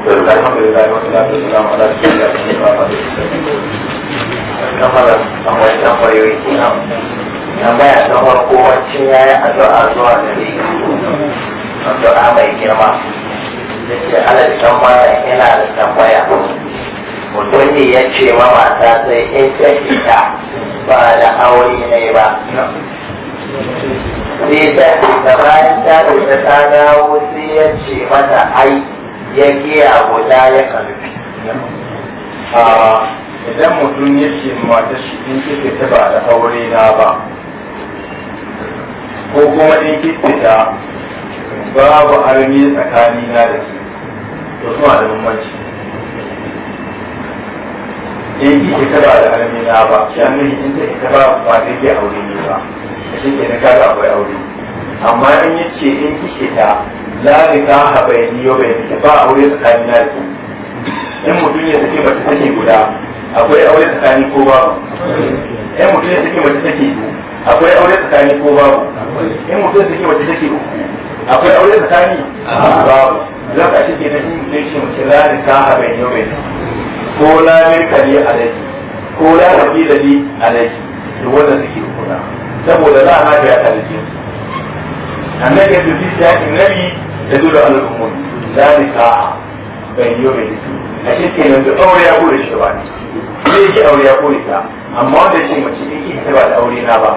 الحمد لله والصلاة والسلام على رسول tambaya girma tambaya yana da tambaya mutum ya sai ta ba da aure ne ba sai ta fita bayan ta fita ta dawo sai ya ce mata ai ya giya guda ya karfi idan mutum ya ce mata shi in kike ta ba da aure na ba ko kuma in kike ta babu armi tsakani na da su to suna da bambanci in kike ta ba da armi na ba shi annabi in kike ta ba ba da ke aure ne ba shi ke na kaga akwai aure amma in yi ce in kishe ta la ha bai ni yo bai ni ba aure tsakanin na in mutum ya sake mace take guda akwai aure tsakanin ko babu in mutum ya sake mace take akwai aure tsakanin ko babu in mutum ya sake mace take uku akwai aure tsakanin. babu za ka shi na in mutum ya ce mace la ha bai ni yo bai ni ko la mirka ni laifi ko la rabi da ni alaji to wannan suke kuna saboda la ha ya da jinsu annabi ya tafi da annabi ya zo da al'ummai zalika bai yi mai dutu a shi ke nan da aure ya kore shi ba ne zai yi aure ya kore ta amma wanda ce mace in ki ta ba da aure na ba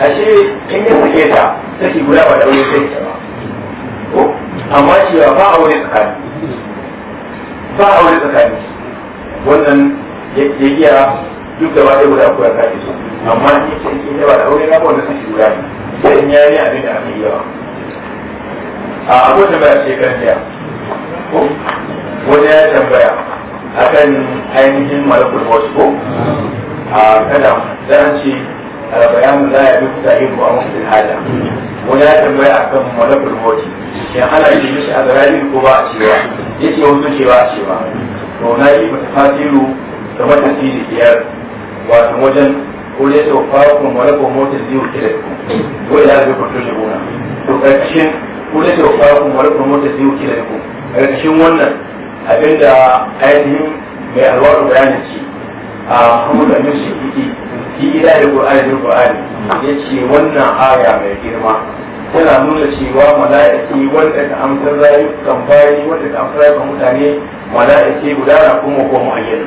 a shi in ya sake ta sake guda ba da aure sai ta ba ko amma cewa ba aure tsakani ba aure tsakani wannan ya iya duk da wani guda kuwa ta iso amma ni ce ni ba da aure na wanda su guda ne sai in yayi abin da aka yi yawa a abin da ba ce kan jiya ko wani ya tambaya akan ainihin malakul wasu ko a kada zan ce bayanu la ya duk da yin ba mun hada wani ya tambaya akan malakul wasu shin ana yi mishi azrari ko ba a cewa yake wasu cewa a cewa to na yi mutafasiru da matasiri biyar wato wajen kore su kawo kuma wani kuma motar ziyu kire ku wai da zai kwato shi gona to ƙarƙashin kore su kawo kuma wani kuma motar ziyu kira ku ƙarƙashin wannan abinda ainihin mai alwaru bayanin ci a hamdu amin shi kiki fi ila da qur'ani da qur'ani yace wannan aya mai girma tana nuna cewa mala'iki wanda ta amsar rayu kan bayi wanda ta amsar rayukan mutane mala'iki guda na kuma ko mu'ayyana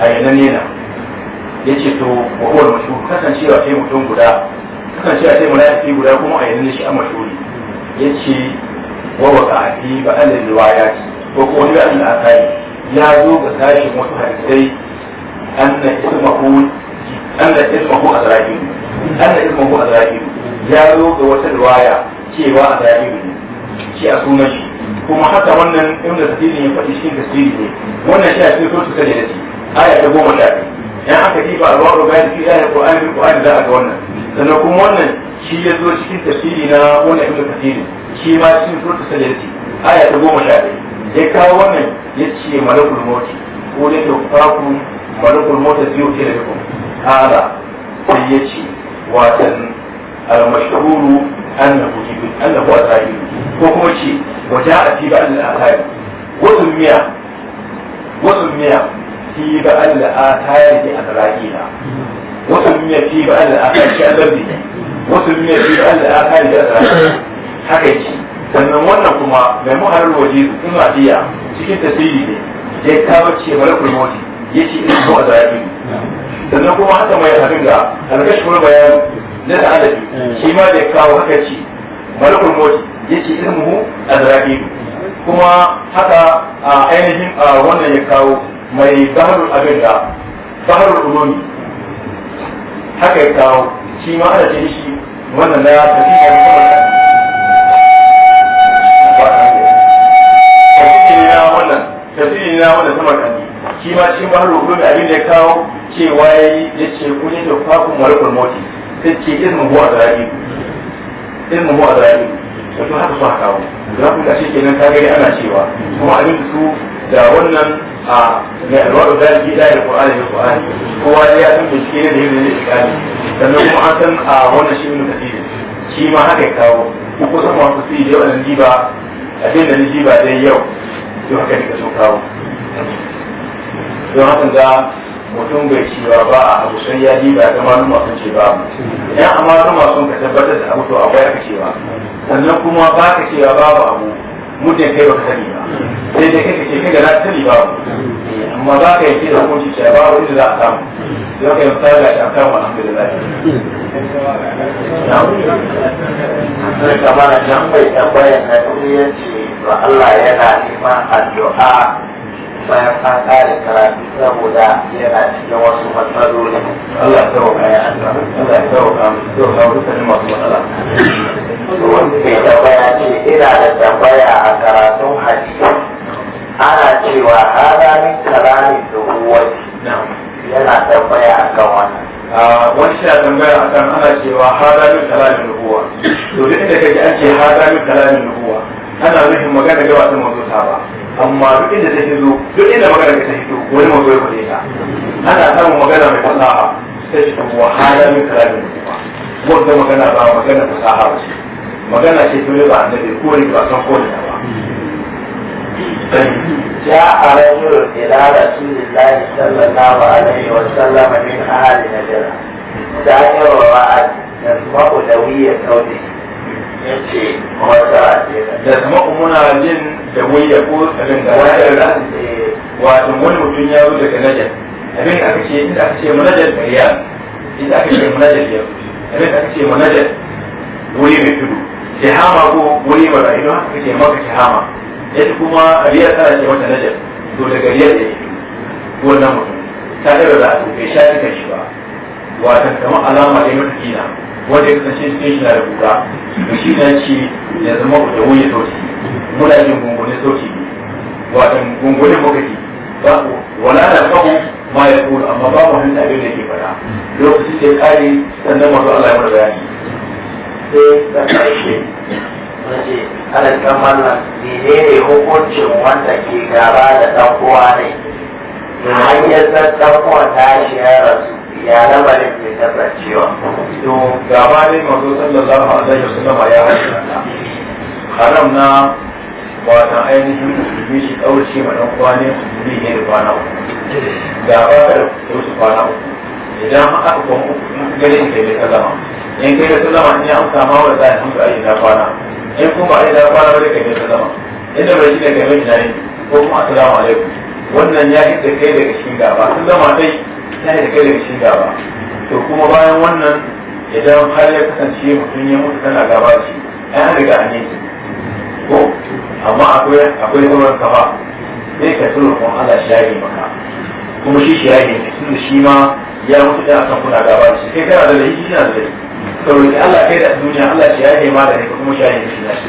ayyana ne na ya ce to wa huwa mashhur kasancewa sai mutum guda kasancewa sai munafiki guda kuma a yanzu shi a mashhuri ya ce wa waqa fi ba'al riwayat ko ko wani ba'al asali ya zo ga sashin wasu hadisai anna ismahu anna ismahu azrail anna ismahu azrail ya zo ga wata riwaya cewa azrail ne shi a sunan shi kuma haka wannan ibn ne ya faɗi shi tafsiri ne wannan shi a cikin sura da ne aya ta goma sha biyu in aka diba alwaru bayan fi ayar qur'ani bil qur'ani za a ga wannan sannan kuma wannan shi ya zo cikin tafsiri na wannan ibnu kathir shi ma cikin surta salati aya ta goma sha ɗaya ya kawo wannan ya ce malakul mauti ko da ta faku malakul mauti zai wuce da kuma ala sai ya ce watan al annahu jibril annahu azrail ko kuma ce waja'a fi miya miya fi ba'al a tayar da azra'ila wasu miya fi ba'al a karshe azarbi wasu fi a azra'ila haka yake sannan wannan kuma mai waje cikin tasiri ne ya kawo ce malakul mawti ya ce in zo azra'ila sannan kuma haka mai ga bayan na ta'alabi shi ma da kawo haka ce malakul mawti ya ce azra'ila kuma haka ainihin wannan ya kawo mai zaharar abin da zaharar ulumi haka ya kawo shi ma ana ce shi wannan na tafi da kuma tafsiri na wanda sama kan shi ma shi ma har da abin da ya kawo cewa yayi ya ce yi da fakun malakul moti sai ce izmu huwa zalimu izmu wato haka su kawo za ku kashe kenan ta gani ana cewa kuma abin su da wannan a mai alwaru da ji da alqur'ani da qur'ani kowa ya san bincike ne da yin iskani sannan kuma an san a wannan shi ne kadiri shi ma haka ya kawo ku kusa ma ku su yi wannan jiba abin da ni jiba dai yau to haka ne ka so kawo don haka mutum bai cewa ba a abu sai ya ji ba kamar numa sun ce ba idan amma kuma sun ka tabbatar da abu to akwai aka cewa sannan kuma ba ka ba babu abu mutum kai ba ka sani ba sai dai kai ce kai ga na sani ba amma ba ka yi yanke da hukunci cewa ba wani da za a samu sai ka yanka ga shi a kan wa alhamdulillah sai kamar nan bai tambaya na duniya ce ba Allah yana neman addu'a bayan an kare karatu saboda yana cikin wasu matsaloli Allah ta roƙa ya Allah ta roƙa ta roƙa dukkanin masu matsala wanda bai tambaya ce ina da tambaya a karatun hadisi ana cewa hada min kalami da huwati yana tambaya akan wannan wani shi tambaya a kan ana cewa hada min kalamin nubuwa to duk inda kake an ce hada min kalamin huwa. ana nufin magana da wasan mazo ta ba amma duk inda ta hito duk inda magana ta hito wani mazo ya kuɗe ta ana samun magana mai fasaha sai shi kuma wahala min kalamin kuma wanda magana ba magana fasaha ba magana ce ta ba annabi ko ne ba san ko ne ba جاء رجل إلى رسول الله صلى الله عليه وسلم من أهل نجرة سائر الرعد يسمع دوي صوته yace wata da kuma muna jin da wai da ko abin da ya da wato wani mutum ya zo daga najar abin da aka ce inda aka ce manajar kariya inda aka ce manajar ya abin da aka ce manajar wuri mai tudu shahama ko wuri mai rayu haka kake maka shahama yadda kuma riyar tana ce mata najar to daga riyar da ya fito wannan mutum ta da za a bai sha shi ba watan kamar alama da ya mutu kina wanda ya kasance cikin shi da kuka da shi na ci ya zama da wuya sauti muna yin gungunin sauti wato gungunin bukati wala na kawo ma ya kuru amma ba mu hannun abin da ke fada lokaci sai kare sannan masu Allah ya mara bayani sai da ƙarshe mace alal ne ne hukuncin wanda ke gaba da ɗan uwa ne hanyar da ɗan uwa ta shi ya rasu ya labarin ke cewa. to gaba dai mazo sallallahu alaihi wasallam ya haramta haram na wata ainihin musulmi shi kaurace ma dan kwane musulmi ne da kwana uku gaba da kaurace kwana uku idan aka kuma uku gare ke da sallama in kai da sallama in ya amsa ma wanda zai amsa ai da kwana in kuma ai da kwana wanda kai da sallama inda bai shi da kai mai tunani ko kuma assalamu alaikum wannan ya hidda kai daga cikin gaba sallama dai ta yi daga cikin gaba to kuma bayan wannan idan har ya kasance mutum ya mutu tana gaba ce an riga an yi ko amma akwai akwai sauran kafa zai ka tura kuma Allah shi yayi maka kuma shi shi yayi ne tunda shi ma ya mutu tana kan kuna gaba ce kai kana da laifi kana da laifi to Allah kai da duniya Allah shi yayi ma da ne kuma shi yayi shi na shi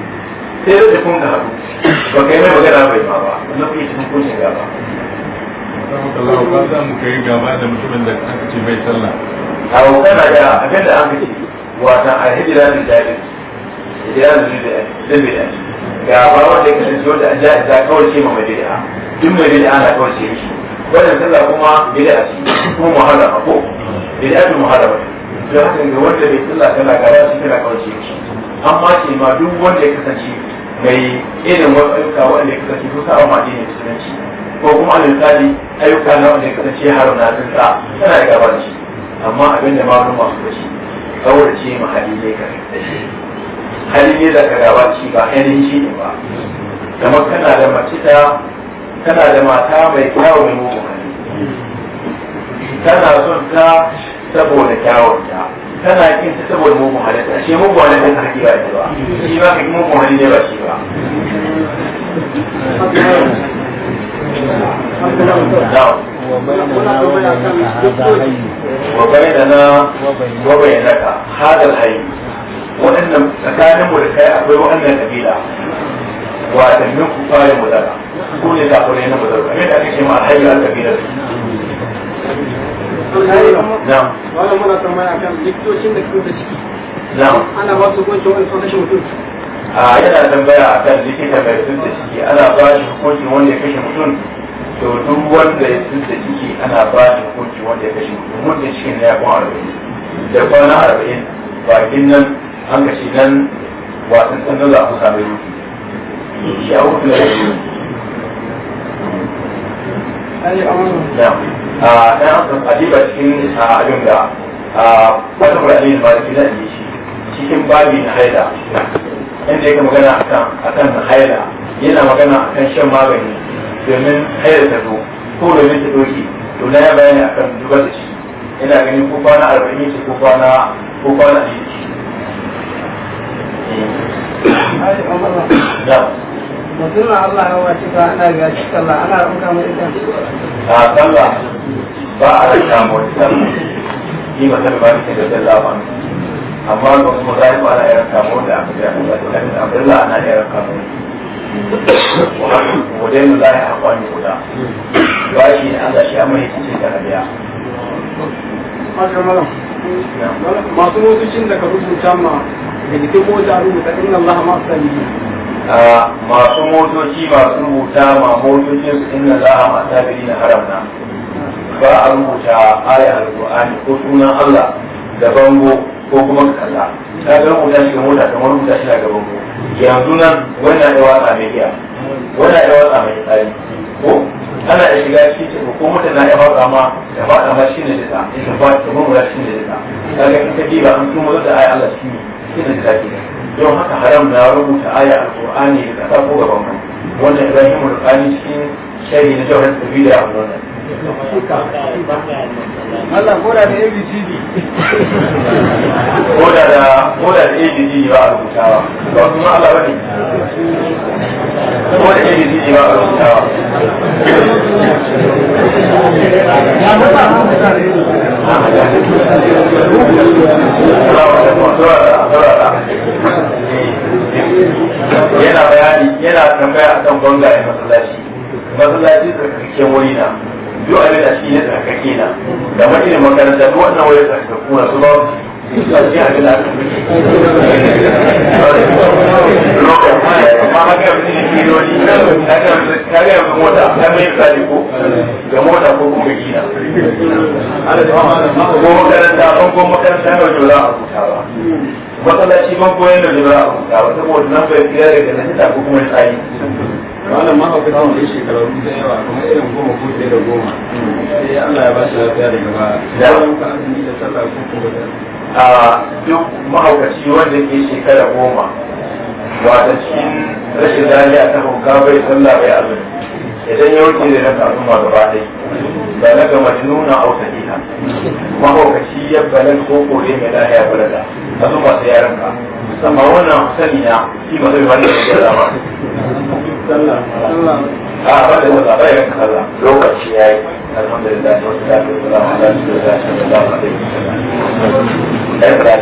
sai da kun ka haɗu ba kai mai magana bai ma ba na fi cikin kuncin gaba Allah a kana da abin da aka ce wata a hijira da jahil hijira da zabi da gaba wanda ya kasance wanda an jahil da kawai ce ma mai bid'a duk mai bid'a na kawai ce shi wannan sallah kuma bid'a ce kuma muharrama ko bid'a muharrama don haka ga wanda bai sallah kana gaba shi kana kawai ce shi amma ce ma duk wanda ya kasance mai irin ayyuka wanda ya kasance ko sa'a ma addinin musulunci ko kuma alal misali ayyuka na wanda ya kasance haram na sun sa tana da gaba da shi amma abin da mamu masu kashi kawai ce ma hali ne ka da shi hali ne da ka gaba shi ba ainihin shi ne ba kama kana da mace ta tana da mata mai kyawun mai mugun hali tana son ta saboda kyawun ta kana kin ta saboda mu halatta shi mu halatta ka haƙi ba ba shi ba ka mu halatta ne ba shi ba وبيننا وبينك هذا الحي وأن مكان ملكاء وأن قبيلة وأن منكم قال مدرع كل ذا قلنا مدرع من أكيد مع الحي القبيلة na'am wannan tambaya kan likitocin da a yana likita mai tsinta ciki ana ba shi hukuncin wanda ya kashe mutum to duk wanda ya tsinta ciki ana ba shi hukuncin wanda ya kashe mutum wanda cikin na ya kwan arba'in da kwana arba'in bakin nan an kashe nan wasan sannan za a kusa mai rufi shi a hukun da ya yi. dan ah, adiba cikin ah, abin da ah, wata kurani da ba da ne shi cikin babi na haila inda yake magana akan akan haila yana magana akan shan magani domin haila ta zo ko domin ta doki to na ya bayani akan duba da shi ina ganin ko kwana arba'in ce ko kwana ko kwana ɗari ce. Eh. mutum Allah ya wace ba ana ga shi sallah ana ranka mu ita a sallah ba a ranka mu ita ni ba san ba ni da sallah ba amma ba kuma ga ba ana ranka mu da aka ga Allah da Abdullah ana ranka mu wajen da ya haƙwa ne guda ba shi ne Allah shi amma yake ce da rabiya masu motocin da ka rubuta ma da jikin mota rubuta inna Allah ma'a sabihi masu motoci masu rubuta ma motocin su inna za a mata biri na haramna ba a rubuta aya alƙur'ani ko sunan Allah da bango ko kuma kalla ta ga rubuta shi ga mota kamar rubuta shi ga bango yanzu nan wannan da watsa mai iya wannan da watsa mai tsari ko ana da shiga shi ce ko mutu na ya faɗa ma ya faɗa ma shi ne da ta ya ba ta murmura shi ne da ta kaga in ka ba an tumo da aya Allah shi ne shi ne da ta don haka haram na rubuta aya alqur'ani da kasa ko gaban kai wannan ibrahim alqur'ani cikin shari na jawhar sabila a wannan Allah koda da ABCD koda da koda da ABCD ba a rubutawa ba kuma Allah bane koda da ABCD ba a rubutawa yana bayani yana tambaya a akan bangaye masallaci masallaci tsarkakken wuri na duk abin da shi ne tsarkake na da mace makaranta duk wannan wuri tsarkakku na su ba su masallaci ban koyar da jira a ma akwai tsawon da shekaru da yawa kuma irin goma ko da goma sai Allah ya ba shi lafiya daga ba ya wanka azumi da sallah ko kuma da a duk mahaukaci wanda ke shekara goma wata cikin rashin lafiya ta hukka bai sallah bai azumi idan ya wuce da na kasu ma gaba ɗai da na ga nuna au sahiha mahaukaci ya balan ko kore mai lafiya balaga a su masu yaran ka amma wannan sani na shi masu yi wani da ya ba a ba da sallah ba ya kaza lokaci ya yi alhamdulillah wasu lafiya sallah ala shi da lafiya sallah É verdade.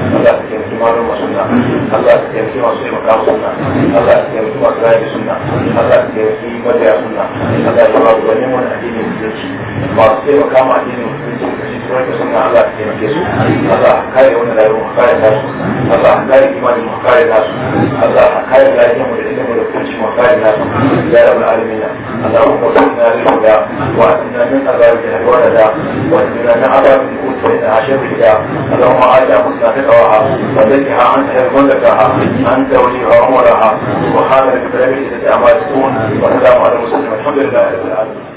Allah ta taimaki malum suna. Allah ta taimaki masu taimaka Allah ta taimaki masu rayu Allah ta taimaki mabiya suna. Allah ta ba wani wani addinin musulunci masu taimaka ma addinin musulunci ka ci tsoron suna. Allah ka taimake su Allah ta kare wani rayuwar mu kare ta su Allah ka kare imanin mu kare ta su Allah kare lafiyar mu da ilimin da kunci kare ta su ya rabu أسراها وذكها عن حرمتها أنت وليها عمرها وخالد بلاد التي أعمال تكون والسلام على المسلم الحمد لله رب العالمين